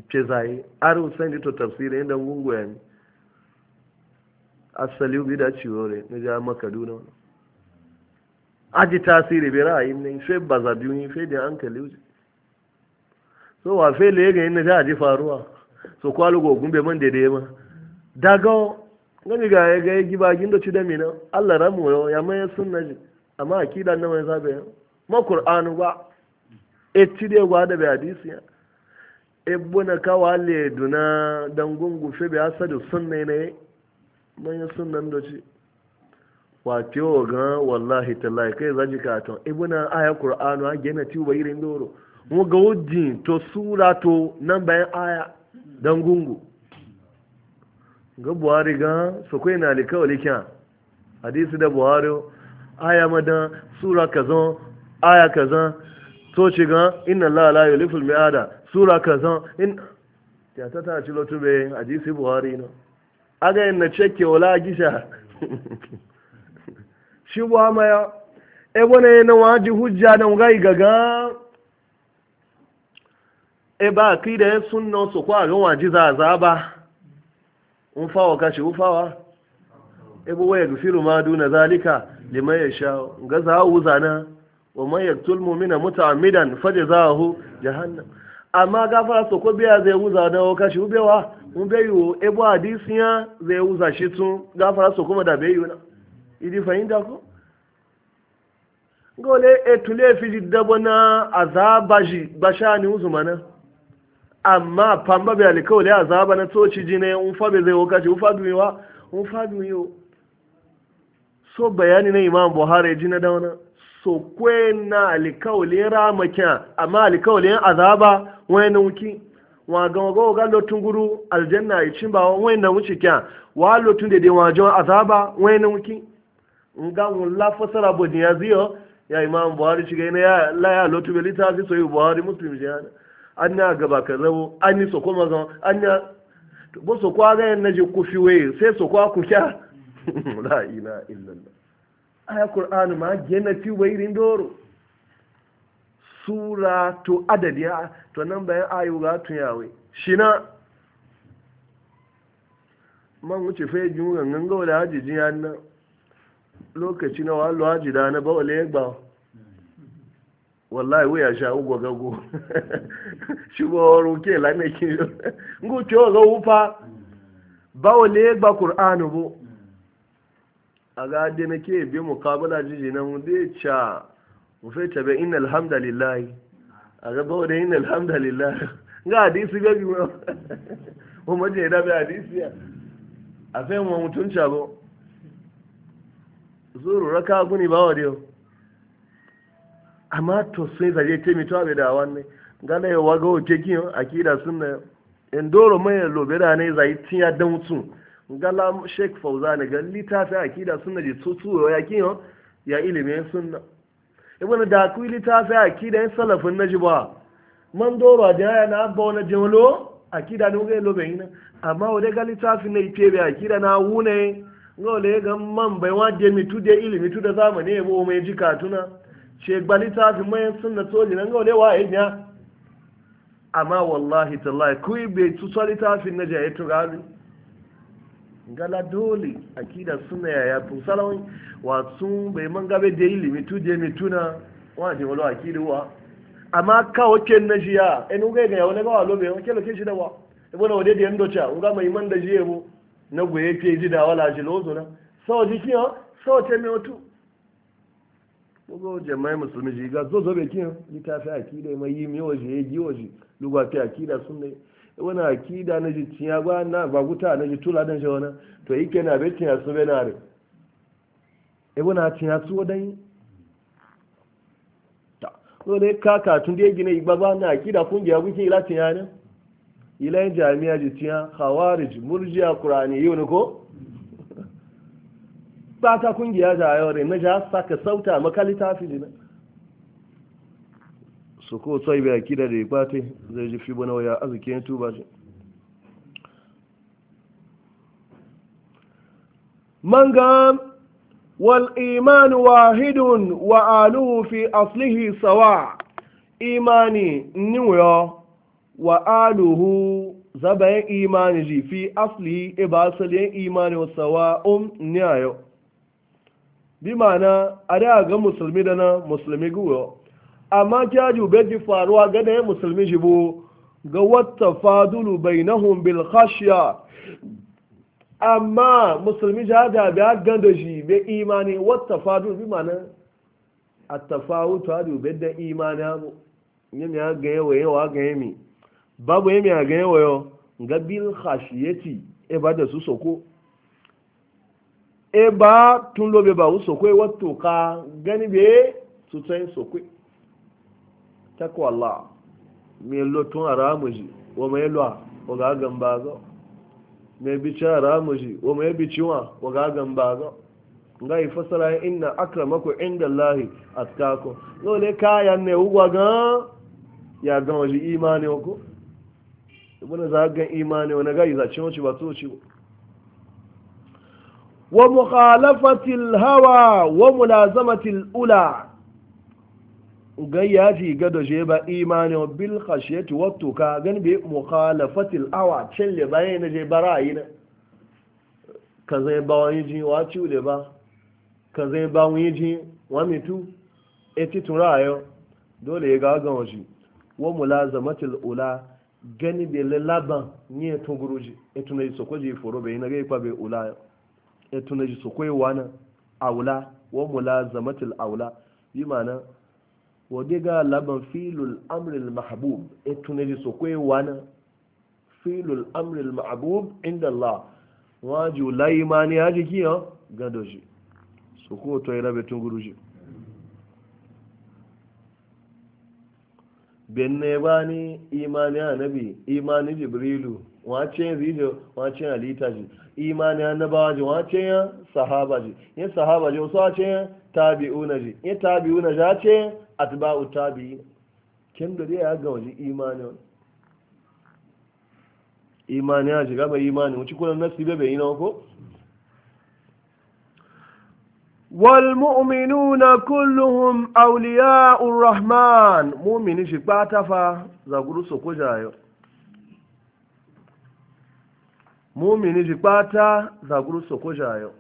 ce zai aru sani to tafsiri inda gungu ya mi asali ubi da ciwore na ja maka duna aji tasiri bai ra'ayin ne sai baza biyu ne sai da hankali wuce so wa fe le ga yin da aji faruwa so kwalu go gumbe man dede ma daga gani ga ya ga giba gindo ci da mina Allah ramu ya mai sunna ji amma akida nan mai zabe ma qur'anu ba etti de gwa da bai hadisi ya ebbuna kawa ledu na dangun gufe bi asa da sunna ne manyan sunnan da ci wato ga wallahi tallahi kai zaji ka to ibuna aya qur'anu a gena ti wa irin doro mu ga wujin to sura to nan bayan aya dangungu ga buhari ga su kai na likawali kyan hadisi da buhari aya madan sura kazan aya kazan to ci ga inna allaha la yuliful mi'ada sura kaza in ya ta ta ci lotu be hadisi buhari no aga in na chekke wala gisha shi bu ma e bone na waji hujja da ngai gaga e ba ki da sunna so kwa ga waji za za ba un fawa kashi un fawa e bu waya gufiru ma duna zalika liman yasha ga za hu zana wa man yaqtul mu'mina muta'ammidan fajzahu jahannam amma gafara soko biya zai wuza da waka shi ubewa mun bai yiwo ebo adisiya zai wuza shi tun gafara soko ma da bai yiwo na idi fahimta ko gole etule fi dabo na azaba shi basha ni uzumana amma pamba bai alikawale azaba na toci jine un fa bai zai waka shi un fa duwa un fa duwa so bayani na imam buhari jina da wannan so kwena alikawulin ramakin amma alikawulin azaba wani wuki wa gama gawa ga lotun guru aljanna ya cin ba wani na wuce kya wa lotun da dai wajen azaba wani na wuki in ga mun lafasara bodin ya ziyo ya imam buhari shiga yana ya laya lotun belita zai soyi buhari muslim shi yana an ya gaba ka zabo an yi soko maza an ya bu soko ga na naje kufi waye sai soko ku kya la ina illallah aya ƙur'anu ma gena fi wairin doro sura to adadi to nan bayan ayu ga tun yawe shi na man wuce fai jin gangan gawa da haji jin yana lokaci na wallo haji da na ba wale gba wallahi wuya sha ugo gago shi ba waro ke lanakin ngo ce wa ga wufa ba wale gba ƙur'anu bo a adi na ke bi mukabala jiji na mu dai cha mu fe ta be inna alhamdulillah a ga ba da inna alhamdulillah ga hadisi ga bi mu mu je da bi hadisi ya a fe mu mutun cha bo zuru raka guni ba dio amma to sai zaje ce mi to abe da wannan gane ya waga oke kin akida sunna endoro mai lobe da ne zai tiya dan mutum gala sheikh fauza ga litafi akida sunna je tutuwa ya kiyo ya ilimi sunna e ibn da ku litafi akida yin salafin naji ba man doro da ya na abba wani jimlo akida ne ga lobe ina amma wani ga litafi na ipe bai akida na wune ga wale ga man bai wa je mitu ilimi tu zamani e bo mai ji katuna sheik ba littafi mai sunna soji nan ga wale wa e ya amma wallahi tallahi ku bai tutuwa littafin na jaye tugari gala dole akida suna ya yaya tun salawai wasu bai man gabe da yi limitu da limitu na wani jin wala akida wa amma ka wace na shi ya enu ga ga yawo ga walo bai wace loke shi da wa ibo na wade da yando cha uga mai man da jiye mu na goye ke ji da wala shi lozo na so ji kiyan sau ce me otu mugo jama'i musulmi ji ga zo zo be kiyo litafi akida mai yi mi waje yi waje lugwa ta akida ne wani akida na ji tiya ba na ba guta na ji tula dan shawana to yake na be tiya su be na re e wani tiya su wadan ta to ne ka ka tun da gina igba ba na akida kungiya gukin ila ya ne ila jami'a ji tiya khawarij murji'a qur'ani yi wani ko ba ta kungiya ta yau re na ja saka sauta makalita fi ne so ko sai bai akida da ya bate zai ji fi bana waya azikin tuba shi manga wal iman wahidun wa aluhu fi aslihi sawa imani niwo wa aluhu zabayin imani ji fi asli iba e asalin imani wa um ni niyayo bi ma'ana a da ga musulmi da na musulmi guwa amma kyaju beji faruwa gane musulmi jibo ga wata fadulu na bil khashya amma musulmi jada biya ganda shi be imani wata fadulu bi mana a tafawutu ube da imani abu yami ya ga yawa yawa ga yami babu yami ya ga yawa yawa ga bil khashiyati e ba da su soko e ba tun lobe ba usoko e wato ka gani be su tsayin takwa Allah me lo tun aramuji wa me lo o ga gamba ga me bi cha aramuji wa me bi chiwa o ga gamba ga ngai fasara inna akramaku inda Allah atkaku no le kaya ne ugwa ga ya ga waji imani ko ibuna za ga imani wa ga iza cin ba so ci wa mukhalafatil hawa wa mulazamatil ula gayya ji ga da je ba imani bil khashiyati wattu ka gan bi mukhalafati al awa challe bayan na je barayi na ka zai ba wani ji wa ciule ba ka zai ba wani ji wa mitu eti turayo dole ya ga gan waje wa mulazamati al ula gani bi laban ni eto guruji eto so ko ji foro be na ga ipa be ula eto so ko yi wana aula wa mulazamati al aula bi ma'ana wadiga laban filul amril mahabub etuneji sokwe wana filul amril mahabub inda Allah waju la imani haji kiyo gadoji soko to ira betun guruji benne bani imani anabi imani jibrilu wace zijo wace alita ji imani annabawa ji wace ya sahaba ji ya sahaba ji wasu wace ya tabi'una ji ya tabi'una ji wace atba'u tabi'in kin da ya ga waje imani imani ya shiga bai imani wuce kullun nasi bai yi nawa ko wal mu'minuna kulluhum awliya'ur rahman mu'mini shi bata fa zaguru soko jayo mu'mini shi bata zaguru soko jayo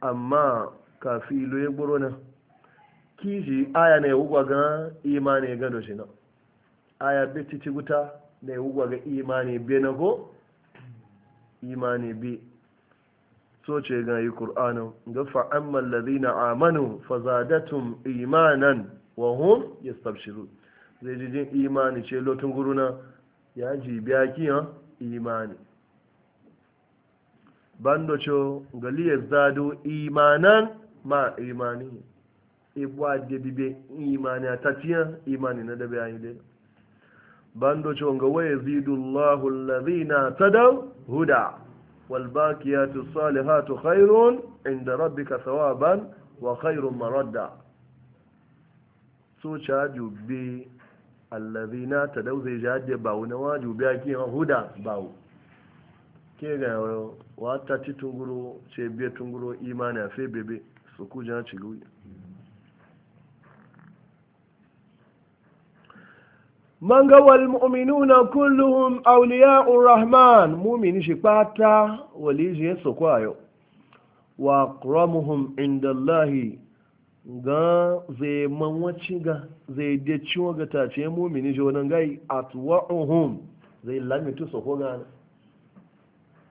amma kafi lo yegboro na kiji aya na yawugwa ga imani ya gado shi na aya bi titi guta na yawugwa ga imani bi na go imani bi so ce ga yi ƙur'anin ga fa'amman na amanu tun imanan wa hun ya stabshiru zai ji jin imani ce lotun guruna ya ji biya kiyan imani bando ce galiyar zado imanan ma imani ibuwa da bibe imani a imani na dabe yayi bando cewa ga waya zidullahu allazina tadaw huda wal baqiyatu salihatu khairun inda rabbika thawaban wa khairun maradda so cha jubbi allazina tadaw zai jaje bawo na wajubi ake huda ba? ke ga wata titunguro ce biye tunguro imani a fe bebe su kujan ciluyi Manga walmuminuna wal mu'minuna kulluhum awliya'ur rahman mu'mini shi pata wali je so wa akramuhum inda allahi ga zai manwaci ga zai de ciwo ga tace mu'mini shi wannan gai atwa'uhum zai lamitu soko ko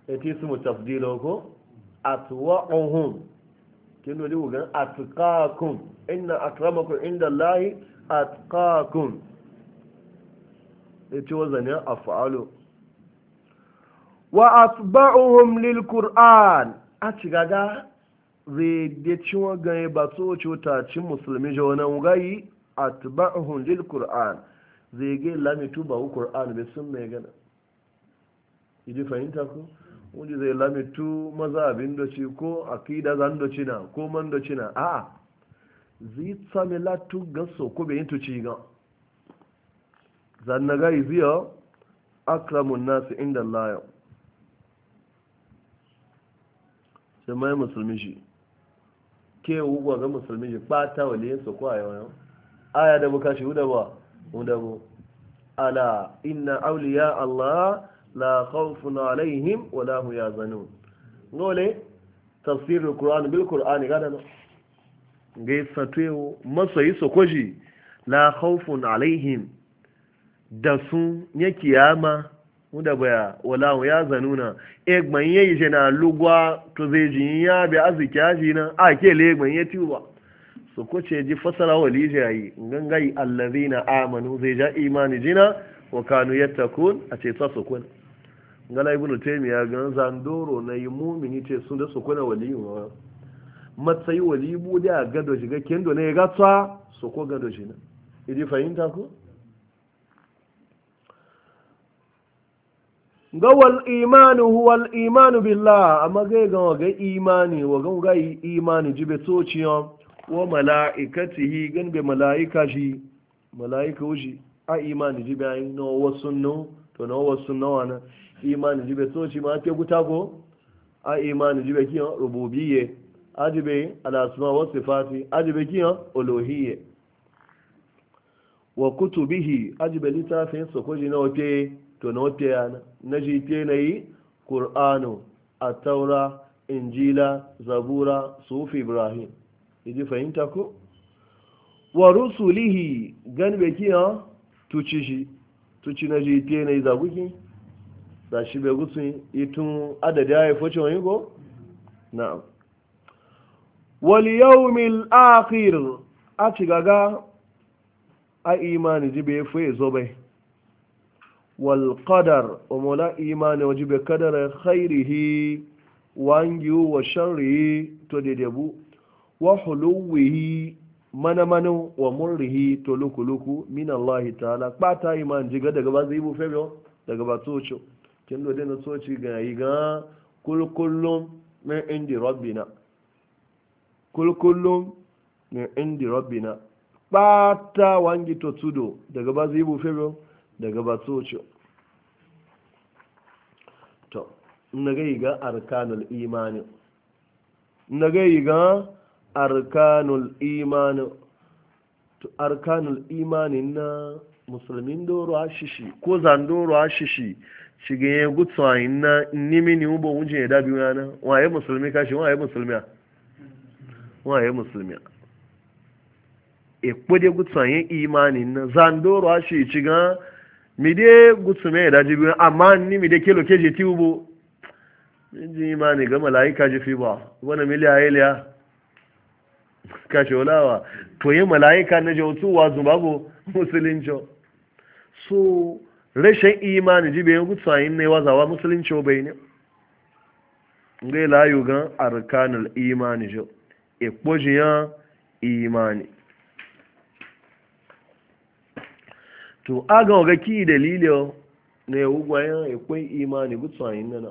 e ti su mutafdilo ko atwa'uhum kin wali ga atqakum inna akramakum inda allahi atqakum ci ce wazanin af'alu wa asba'uhum lil qur'an a ci gaga zai ci wa gane ba so cuta ci musulmi jawonan gayi atba'uhum lil qur'an zai ga lamitu ba qur'an bai sun mai gana idi fahimta ku wanda zai lamitu maza abin da ci ko akida zan da na, ko man da na? a'a zai tsami latu gaso ko bai yin ci ga zannaga ziyo akramun nasu inda layan mai musulmi shi ke wugwa ga musulmi shi ɓata waliyansa ko a yau? aya da buka shi huda ba huda bu ala inna auliya allah la khawfun alaihim wa la hum yazanun ngole tafsirin alquran bil qur'ani gada no ngai satwe masoyi sokoji la khawfun alaihim da su ya kiyama da baya wala ya zanuna egban ya yi na lugwa to zai ji ya bi arziki ya ji nan a ke le egban ya tiwa su kuce ce ji fasara lijiya yi gangayi allazi na amanu zai ja imani jina wa kanu yattakun a ce ta sukun ngala ibnu ya gan zandoro na yi mumini ce sun da sukuna wali wa matsayi wali bude a gado shiga kendo ne ya tsa su ko gado shi na idi fahimta ku? ga wal imanu huwa imanu billah amma ga ga ga imani wa ga ga imani jibe tociyo wa malaikatihi gan be malaika shi malaika uji a imani jibe na no wasunnu to no wasunnu wana imani jibe toci ma ke gutago a imani jibe kiyo rububiyye ajibe alasma wa sifati ajibe kiyo uluhiyye wa kutubihi ajibe litafin sokoji na oke to na wata yana na ji te na yi ƙur'ano a taura injila zabura sufi ibrahim iji fahimta ko wa rusulihi gan be kiya tuci shi tuci na ji te na yi zaguki da shi bai gutsun itun adadi ya foce wani ko na'am yau mil akhir a cigaga a imani ji bai fai zo bai والقدر ومولا إيمان وجب قدر خيره وانجو وشره تددبو وحلوه من من ومره تلوك لوك من الله تعالى باتا إيمان جيغا دقبا زيبو فيبيو دقبا توشو كندو دينا توشي غايغا كل كل من عند ربنا كل كل من عند ربنا باتا وانجي تتودو دقبا زيبو فيبيو daga توچو na gai ga arkanul imani na ga arkanul imani arkanul imani na musulmin doro ashishi ko zandoro ashishi shiga ya gutsu a ina nimi ni ubo wunje ya dabi yana waye musulmi kashi waye musulmi waye musulmi ekpo de gutsu a yin imanin na zandoro ashishi ga mi de gutsu me ya dabi yana amma ni de kelo keji ti ubo ji imani ga mala'ika ji fi ba wani miliya iliya kashe wulawa to yi mala'ika na jautu wa zubabu musulunci so rashin imani ji bayan gutsayin ne wazawa musulunci bai ne ngai layu gan arkanul imani jo ekpojiyan imani to aga ga ki dalilin e ne ugwayen ekwen imani gutsayin nan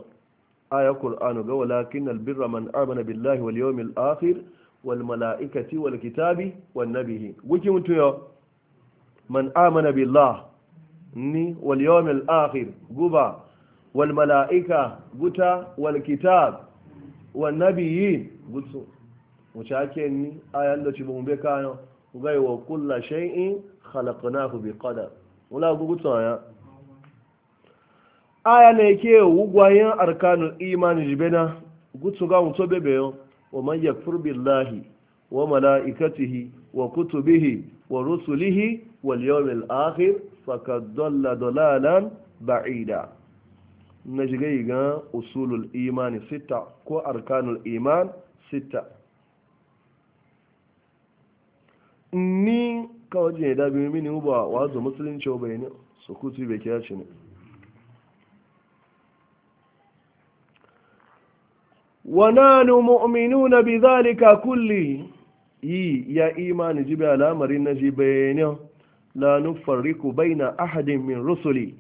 aya qur'anu ga walakin albirra man amana billahi wal yawmil akhir wal malaikati wal kitabi wan nabiyyi wuki mutuyo man amana billah ni wal yawmil akhir guba wal malaika guta wal kitab wan nabiyyi gutsu wuce ake ni ayan da ci bu mbe kayo gai wa kullu shay'in khalaqnahu bi qadar wala gutsu ya aya na yake wugwayen arkanul imani jibena gutsu ga mutu bebeyo wa man yakfur billahi wa mala'ikatihi wa kutubihi wa rusulihi wal yawmil akhir faqad dalla dalalan ba'ida na jiga ga usulul imani sita ko arkanul iman sita ni kawai da bi mini uba zo musulunci obai su bai wa nanu mu'minuna bi zalika kulli yi ya imani jibe al'amarin na ji ne la nufarriku baina ahadin min rusuli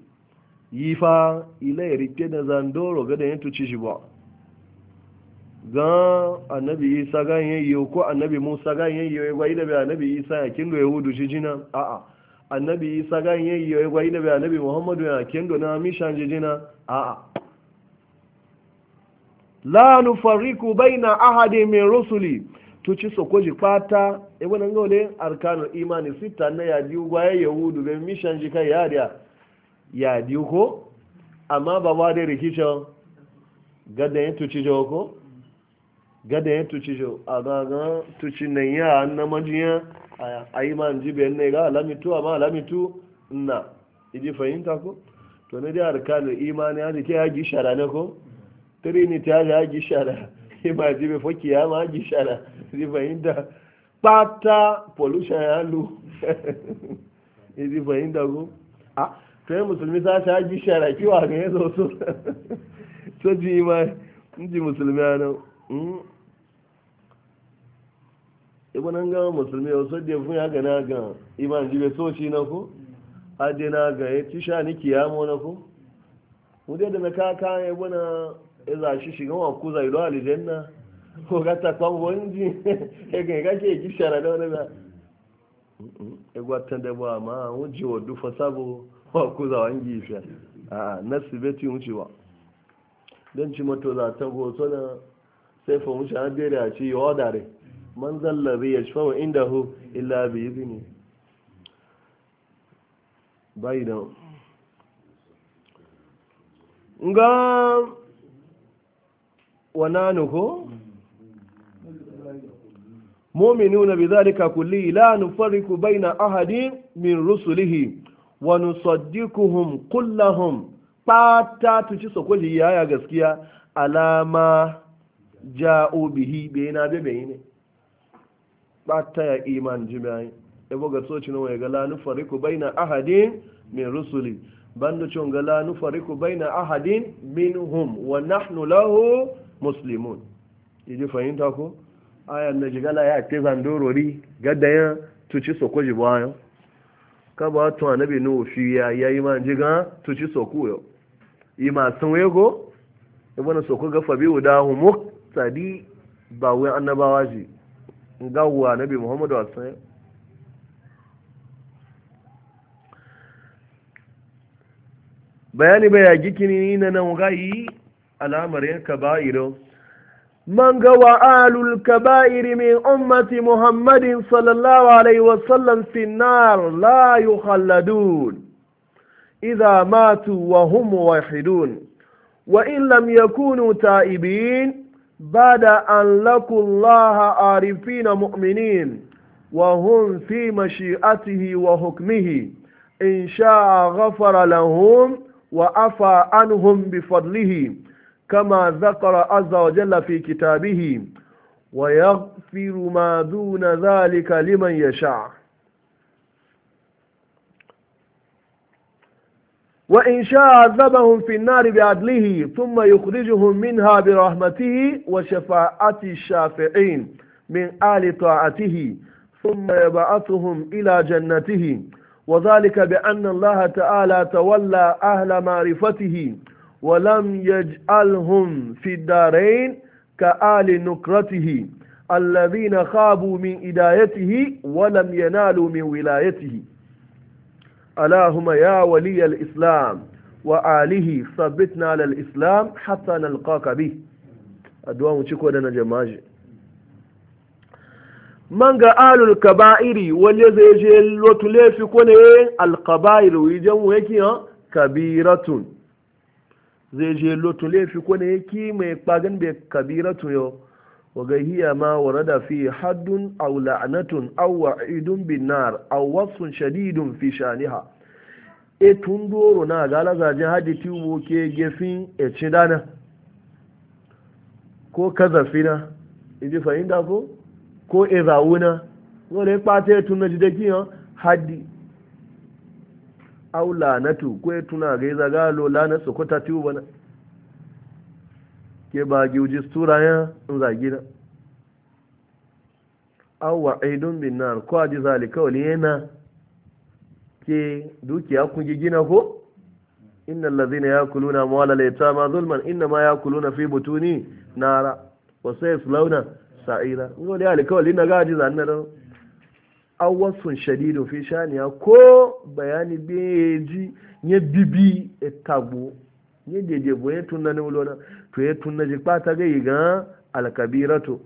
yi fa ilai rike da zandoro ga da yin ci shi ba ga annabi isa gan yayyo ko annabi musa gan yayyo ya gwai da bai annabi isa ya kindo yahudu shi jina a'a annabi isa gan yayyo ya gwai da bai annabi muhammadu ya kindo na mishan jina a'a la nufarriku baina ahadin min rusuli tuci sokoji pata e wannan gole imani sita na ya diu gwaye yahudu be mishan jika yariya ya diu ko amma ba ba da rikicho gadan ya tuci jo ko gadan ya tuci jo aga ga tuci nan ya na majiya ayi man jibe ga lamitu amma alamitu na iji fahimta ko to ne imani ya ke ya gishara ne ko trinity ahụ a gịchara ịmazibefe kiyama a gịchara zivainda kpata pollution ya lu zivainda go a tụnye musulmi sashi a gịchara kiwa ga ya so so ji ima ndị musulmi anọ hmm? ibu nan gama musulmi wasu da fun ya gana ga iman jibe soci na ku adina ga ya ci sha ni kiyamo na ku mu da na kaka ya bana Ah, za shi shiga wa kuza zai lo aljanna ko kwa wonji e shara da wani ba wa wa wangi a nasibeti wonji wa ci mato za ta go na sai fa wonji an bere a ci dare man zallabi wananu ko mu'minuna bidhalika kulli la nufarriqu baina ahadin min rusulihi wa nusaddiquhum kullahum pata tuci sokoli yaya gaskiya alama ja'u bihi bayna be bayne pata ya iman jibai ebo ga soci no ya ga la nufarriqu baina ahadin min rusuli bandu cewa la nufariku baina ahadin minhum wa nahnu lahu muslimun idi fahimta ko Aya na jigala ya ce zandorori gadda ya tuci soko ji ka ba to anabi nu fi ya yayi ma jiga tuci soko yo ima san wego ibn soko ga fabi udahu muktadi ba wai annabawaji. Ga gawa annabi muhammadu sallallahu alaihi wasallam bayani bai ya gikini na nan gayi alamar kaba'irin man ga wa alul kaba'iri min ummati muhammadin sallallahu alaihi wasallam finnar la yukhalladun idha matu wa hum wahidun wa in lam yakunu ta'ibin bada an lakullaha arifina mu'minin wa hum fi mashi'atihi wa hukmihi in sha'a ghafara lahum وعفى عنهم بفضله كما ذكر عز وجل في كتابه ويغفر ما دون ذلك لمن يشاء وإن شاء عذبهم في النار بعدله ثم يخرجهم منها برحمته وشفاعة الشافعين من آل طاعته ثم يبعثهم إلى جنته وذلك بأن الله تعالى تولى أهل معرفته ولم يجعلهم في الدارين كآل نكرته الذين خابوا من إدايته ولم ينالوا من ولايته اللهم يا ولي الإسلام وآله ثبتنا على الإسلام حتى نلقاك به أدوام شكوى لنا جماجي Manga alul kaba'iri wale zai je lotu laifi ko ne alkaba'ir wajen wake ya? kabiratun zai je lotu laifi ko ne ki mai kpagan bai kabiratu yau waga hiya ma da fi haddun aw la'natun aw wa'idun bin nar aw wasfun shadidun fi shaniha e tun doro na gala zaje hadi tubo ke gefin e cidana ko kazafina idi fahimta ko ko ezauna wale kpata ya tuna jidaki ya haddi au lanatu ko ya tuna ga iza galo lana sokota tiwu bana ke ba giuji stura ya in zagi na au wa'idun bin nar ko aji zalika wani yana ke dukiya kun gina ko إن الذين يأكلون أموال اليتامى ظلما إنما يأكلون في بطونهم نارا وسيصلون sa'ira ngole alkawali na gaji zanna da awasun shadidun fi shaniya ko bayani beji ne bibi etagbo ne jeje bo ya tunna ne wulona to ye tunna je pata ga al-kabiratu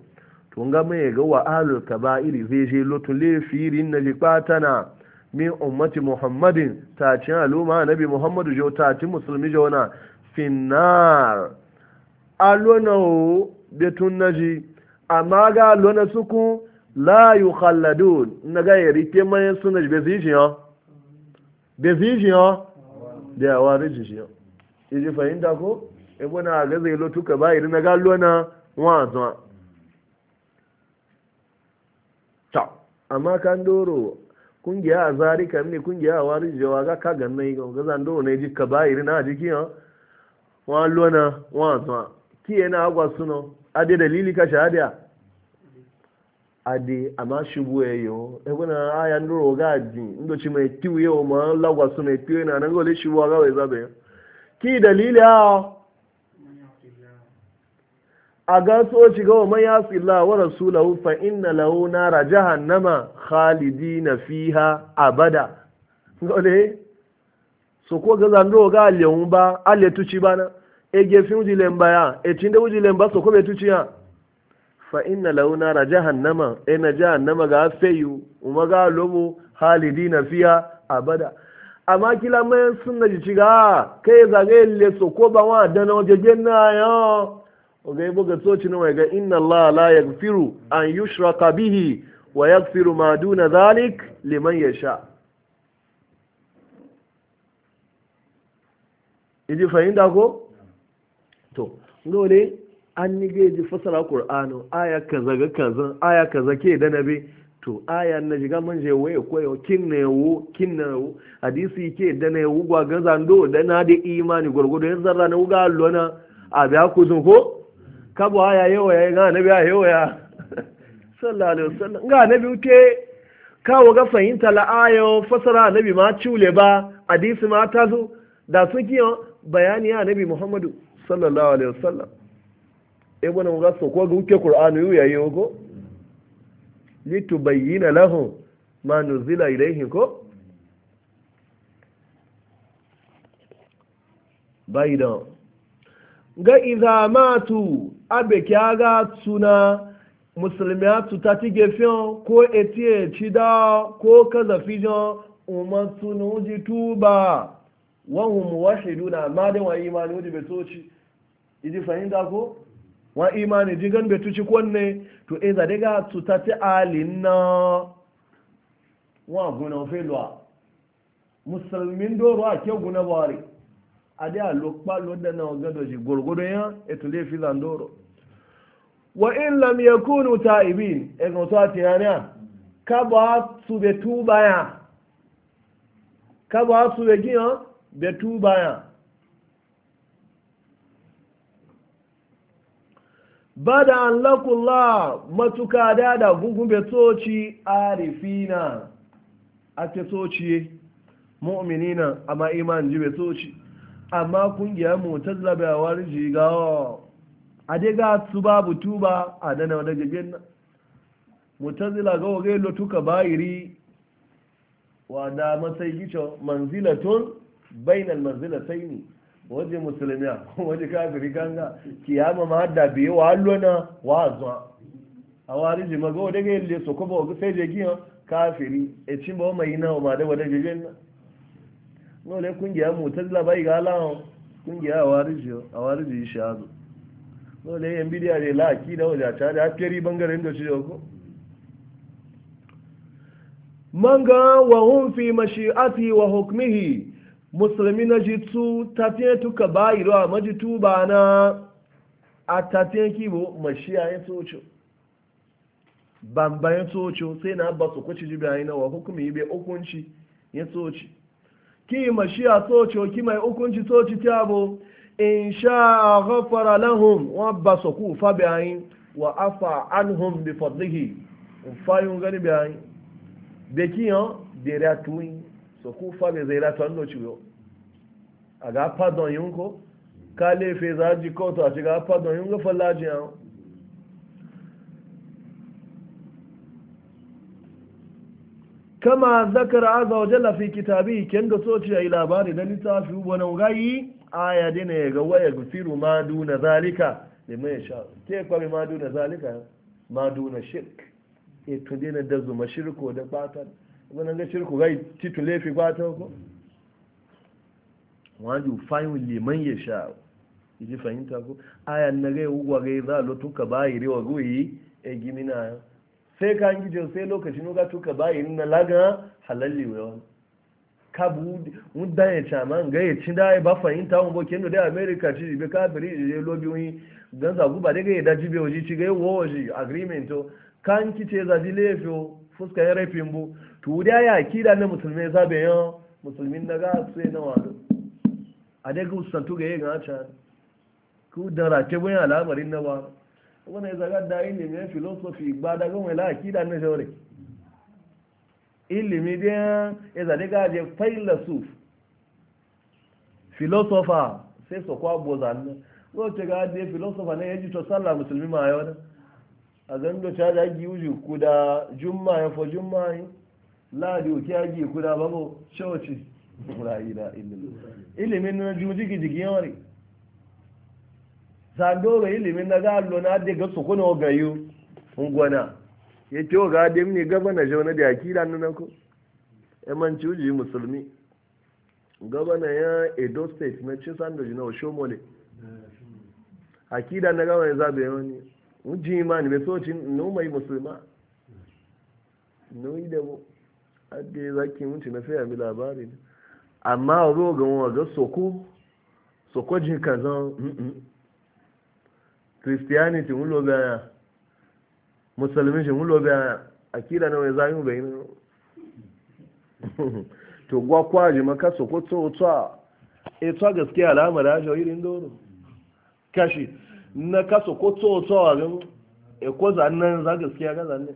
to nga me ga wa ahlul kaba'iri veje lotun le firi na je pata na min ummati muhammadin ta ci aluma nabi muhammadu jo ta ci musulmi jo na finnar alona o betun naji amma ga lona suku la yu khalladun na ga yari ke mai suna be zijiya be zijiya da yawa rijiya iji fahimta ko e bona ga zai lotu ka ba irin na ga lona wa zuwa ta amma kan doro kungiya a zari kam ne kungiya a wari jawa ga ka ganna yi ga zan doro ne ji ka ba irin na jikin wa lona wa zuwa ki yana agwa suno ade dalili ka shahada ade amma shubu yayo ebuna aya ndoro gaji ndo chi mai tiwe yo ma lagwa su mai tiwe na nango le shubu ga wai zabe ki dalili a a ga so ci ga wa man yasi Allah wa rasulahu fa inna lahu nara jahannama khalidina fiha abada ngole so ko ga zandoro ga alyon ba alle tuci bana egefin wujilen baya etin da wujilen ba so ko betu fa inna launa ra jahannama e na jahannama ga feyu uma ga lobo halidina fiya abada amma kila mai sunna ji ciga kai zage le so ko ba wa dana waje na yo ogai buga coci na ga inna allaha la yaghfiru an yushraka bihi wa yaghfiru ma duna zalik liman yasha idi fahimta ko to dole an ni geji fasara qur'anu aya kaza ga kaza aya kaza ke da nabi to aya na jiga man je waye koyo kin ne wo kin na wu hadisi ke da ne wo gwa ga ndo da na da imani gurgudu yan zarra na allo na a biya ku zun ko kabo aya yawa ya ga nabi aya yawa ya sallallahu alaihi wasallam ga nabi ke kawo ga fahimta la aya fasara nabi ma cule ba hadisi ma ta zo da suke kiyo bayani ya nabi muhammadu sallallahu alaihi wasallam e bana mu gaso ko ga uke qur'ani yu yayi ko litubayyana lahu ma nuzila ilayhi ko bayda ga idha matu abe kyaga tuna musulmiyatu ta ti gefiyan ko etiye cida ko kaza fijan umar tunu ji tuba wahum wahiduna ma dai wa imani wajibe soci iji fahimta ko wa imani ji gan betu ci kwanne to e eh, za daga ta ti alin na wa guna ofe lwa musulmin doro a ke guna bari a da lokpa lodda na gado ji gurgudu ya etu le fi zandoro wa in lam yakunu ta'ibin e ga to atiyana ka ba su betu baya ka ba su be betu baya bada an lakula matuka dada gungun betoci arifina a fetoci mu'minina amma iman ji soci. amma kungiyar mu ta jigawa a dai ga su babu tuba a dana wadda jibin nan zila ga gai lotuka bayiri wa da matsayi gicho manzilatun bainal ne waje musulmi waje kafiri ganga kiyama ma da biye wa lona wa zo a wari jima go daga yalle so ko ba sai je giya kafiri e cin ba mai na ma da wada jejen na no le kungiya mu tazla bai ga kun kungiya wari ji a wari ji shazu no le yan bidiya ne la ki da waje ta da kiri bangaren da shi ko manga wa hum fi mashi'ati wa hukmihi musulmi na jitu tafiye tuka bayi ruwa majitu ba na a tafiye kibo mashiya ya tsoci bamba ya tsoci sai na ba su kwaci jibi a yinawa hukumi ibe hukunci ya tsoci ki mashiya tsoci ki mai hukunci tsoci ta bu in sha ghafara lahum wa ba su ku fa bi wa afa anhum bi fadlihi in fa yun gani bi ayin dere atuyin so ku fa be zai lati wani loci yau a ga pardon yin ko ka lefe za ji kotu a ci ga pardon yin ga fallaji yawon kama zakara aza wa jalla fi kitabi ken ga soci ai labari na littafi wani gayi aya dina ya ga waya gufiru ma duna zalika da mai sha ke kwami ma duna zalika ma duna shirk e tunde na da zuma shirko da batar wani ga shirku gai titu laifi ba ta ko wani fayin liman ya sha iji fahimta ko ayan na gai ugwa gai za a tuka bayi rewa goyi e gimina sai ka an gijo sai lokaci ga tuka bayi na laga halalli wa wani kabu mun dan ya cama ga ya ci da ba fahimta wa boke no da amerika ci ka biri je lobi wi dan zagu ba daga ya daji bai waje ci ga wo waji agreement to kan kice zaji dilefe fuska ya rafin bu tuda ya akida na musulmi zabe yo musulmi na ga su na wado a dai ku santu ga yin acha ku da rake bayan al'amarin na ba Wani ya zaga da ilimi ilimin filosofi ba da gon wala akida na shore ilimi dai ya zade ga je philosoph Filosofa sai so kwa bozan ko wace ga je filosofa ne yaji to sallah musulmi ma yau a zan do cha da giwuju ku da jumma ya fo jumma yi láàdì òkè ajé ìkúdà bábọ̀ ṣọ́ọ̀ṣì ìkúrayìdá ìlú ilimin na juji gijigi yawari zandoro ilimin na galo na ngwana ya ce mini gaba nuna ko emanci uji musulmi gabana ya edo state na ci sandoji na oshomole na gaba ya zabe yawani uji imani soci numai musulma da mu hadde zaki mun ci na fiya bi labari amma ro ga wa soko soko jin kazan christianity mun lo ga musulmi shi mulo lo ga akida na wai zayu bai na to gwa kwaji maka soko to to e to gaskiya al'amari a irin doro kashi na kaso ko to to a ga e ko zannan za gaskiya ga zannan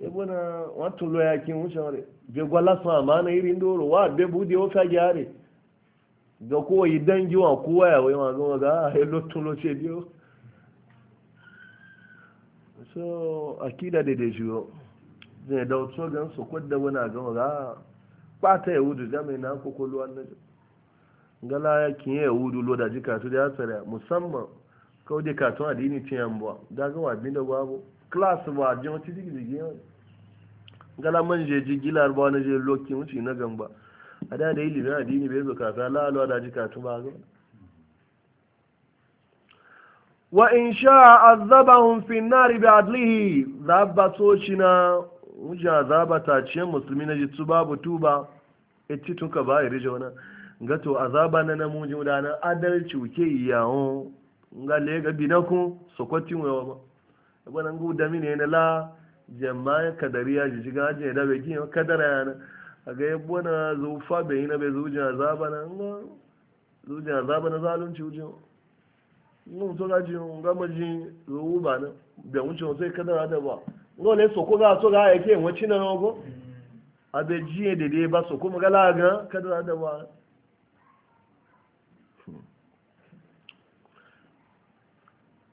ebona watu lo yakin wucin bai gwala sun amana irin doro wa bai bude o ka gyare ga kowa yi ji wa kowa ya wai mazo ga a ah, yi lotun lo ce biyo so akida da da shiyo zai da wasu gan su ah, kwadda wani ga ga ta ya wudu jami'i na kokolo an na gala ya kinye ya wudu lo da ji kasu da ya tsara musamman kawai da katon adini ce yan buwa daga wa abin da babu class ba jama'a cikin jirgin gala man je ji gila ba na je lokin wuce na gamba a da da ilimin addini bai zo kasa lalawa da ji katu ba ga wa in sha azabahum fi nari bi adlihi zabba na wuja zaba ta musulmi na ji tuba babu tuba etti tun ka ba iri jona gato azaba na namuji na adalci wuke yawon nga le ga binakun sokotin wewa ba ibana ngu dami ne na la jama'a kadariya ji shiga ajin ya dabe gini kadara ya na a ga yabo na zufa bai yi na bai zujin azaba na zujin azaba na zalunci wujin mun to nga gama ji zuwu ba na bai wuce sai kadara da ba ngo ne soko ga to ga yake wacce na nogo a bai ji da dai ba soko mu ga ga kadara da ba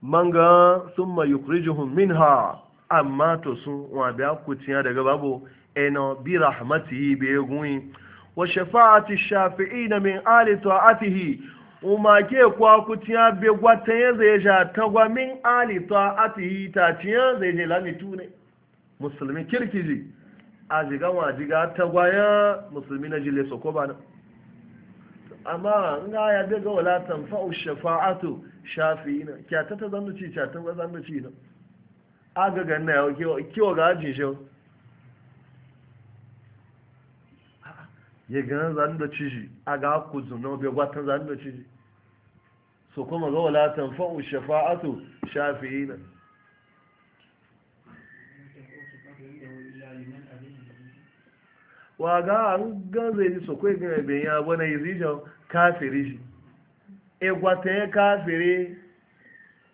manga summa yukhrijuhum minha amma to sun wa biya ya daga babu eno bi rahmatihi bi egunyi wa shafa'ati na min ali ta'atihi uma ke kwa ya be gwata ya zai ja tagwa min ali ta'atihi ta ciya zai je lami tune musulmi kirkiji a jiga wa jiga tagwa ya musulmi na jile soko ba amma nga ya be ga wala tanfa'u shafa'atu shafi'ina kyata ta zanduci kyata zanduci na agaga nna ya kiwa ga ajin shi ya gana zan da ciji a ga ku zuna bai gwatan zan da ciji so kuma ga wala tanfa'u shafa'atu shafi'ina wa ga an gaza ni so kai ga ben ya bana yizijo kafiri shi e gwatan kafiri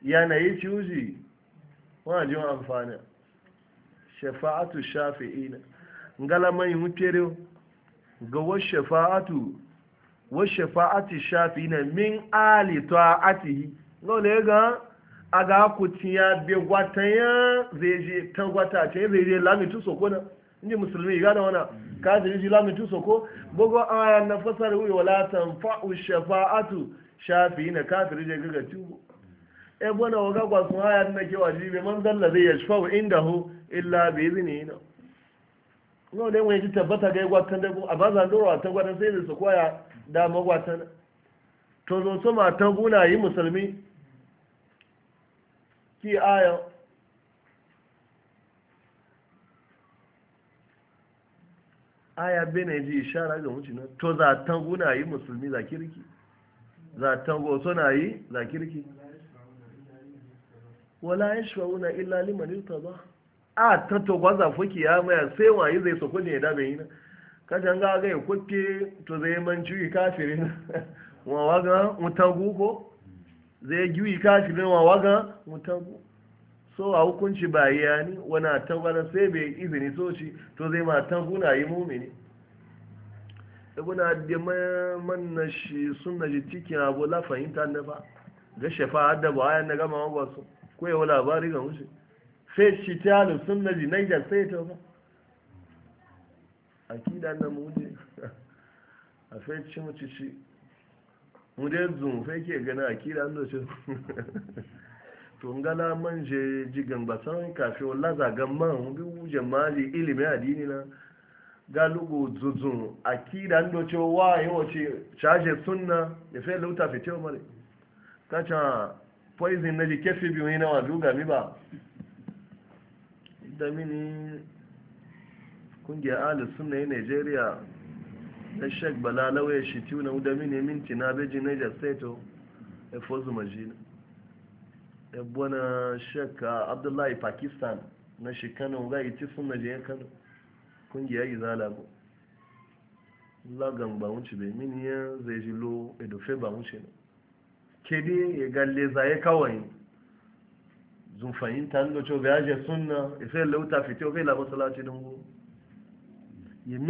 yana yi ciuji wọ́n àjí wọn àǹfààní ṣẹfàátù ṣáfi'ina ngalama yi mutere ga washafa'atu washafa'ati shafi'ina min ali ta'atihi ngole ga aga ya be gwatanya zeje ta gwata ce zeje lamitu na inji musulmi gane wana kafiri ji lamitu soko bogo aya na fasar ebe na waga kwasun haya na ke jibe man dalla zai ya shafa inda hu illa bi zini na no ne wani tabbata ga gwatan da a ba zan dora ta gwatan sai da su koya da tan to zo ma ta guna yi musulmi ki aya aya bene ji ishara ga mutum to za ta guna yi musulmi za kirki za ta go suna yi za kirki wala ya shawuna illa liman ba. a tato gwaza fuki ya maya sai wayi zai so kudin ya dabe yi na kajan ga ga kwakke to zai man juyi kafirin wa waga mutagu ko zai juyi kafirin wa waga mutagu so a hukunci ba ni wani tawara sai bai izini so shi to zai ma tanguna yi mumini ibuna da man na shi suna ji cikin abu la fahimta na ba ga shafa adabu ba ayan na gama wasu ko yawa labari ga wuce sai shi ta halin sun na ji naija sai ta ba a kida na muje a sai ci mace shi mu dai zun fai ke gana a kida na ce to ngala man je jigan ba san kafin wala ga man hundu wuje mali ilimin adini na galugu zuzun a kida ndo cewa wa yi wace caje sunna ya fi lauta cewa mare ta can poison na jike fi biyu na wadu gami ba da mini kungiyar ahalus suna yi nigeria na sheik bala lauya shi tuna da mini minti na beji niger state ya e fozu majina ya e buwana sheik ah, abdullahi pakistan na shi kano ga iti suna jiyan kano kungiyar yi ko lagan ba wuce bai mini ya zai jilo edofe ba wuce ne kedi ya galle zaye kawai zun fahimta da cewa ya je sunna ife lauta fito kai la masallaci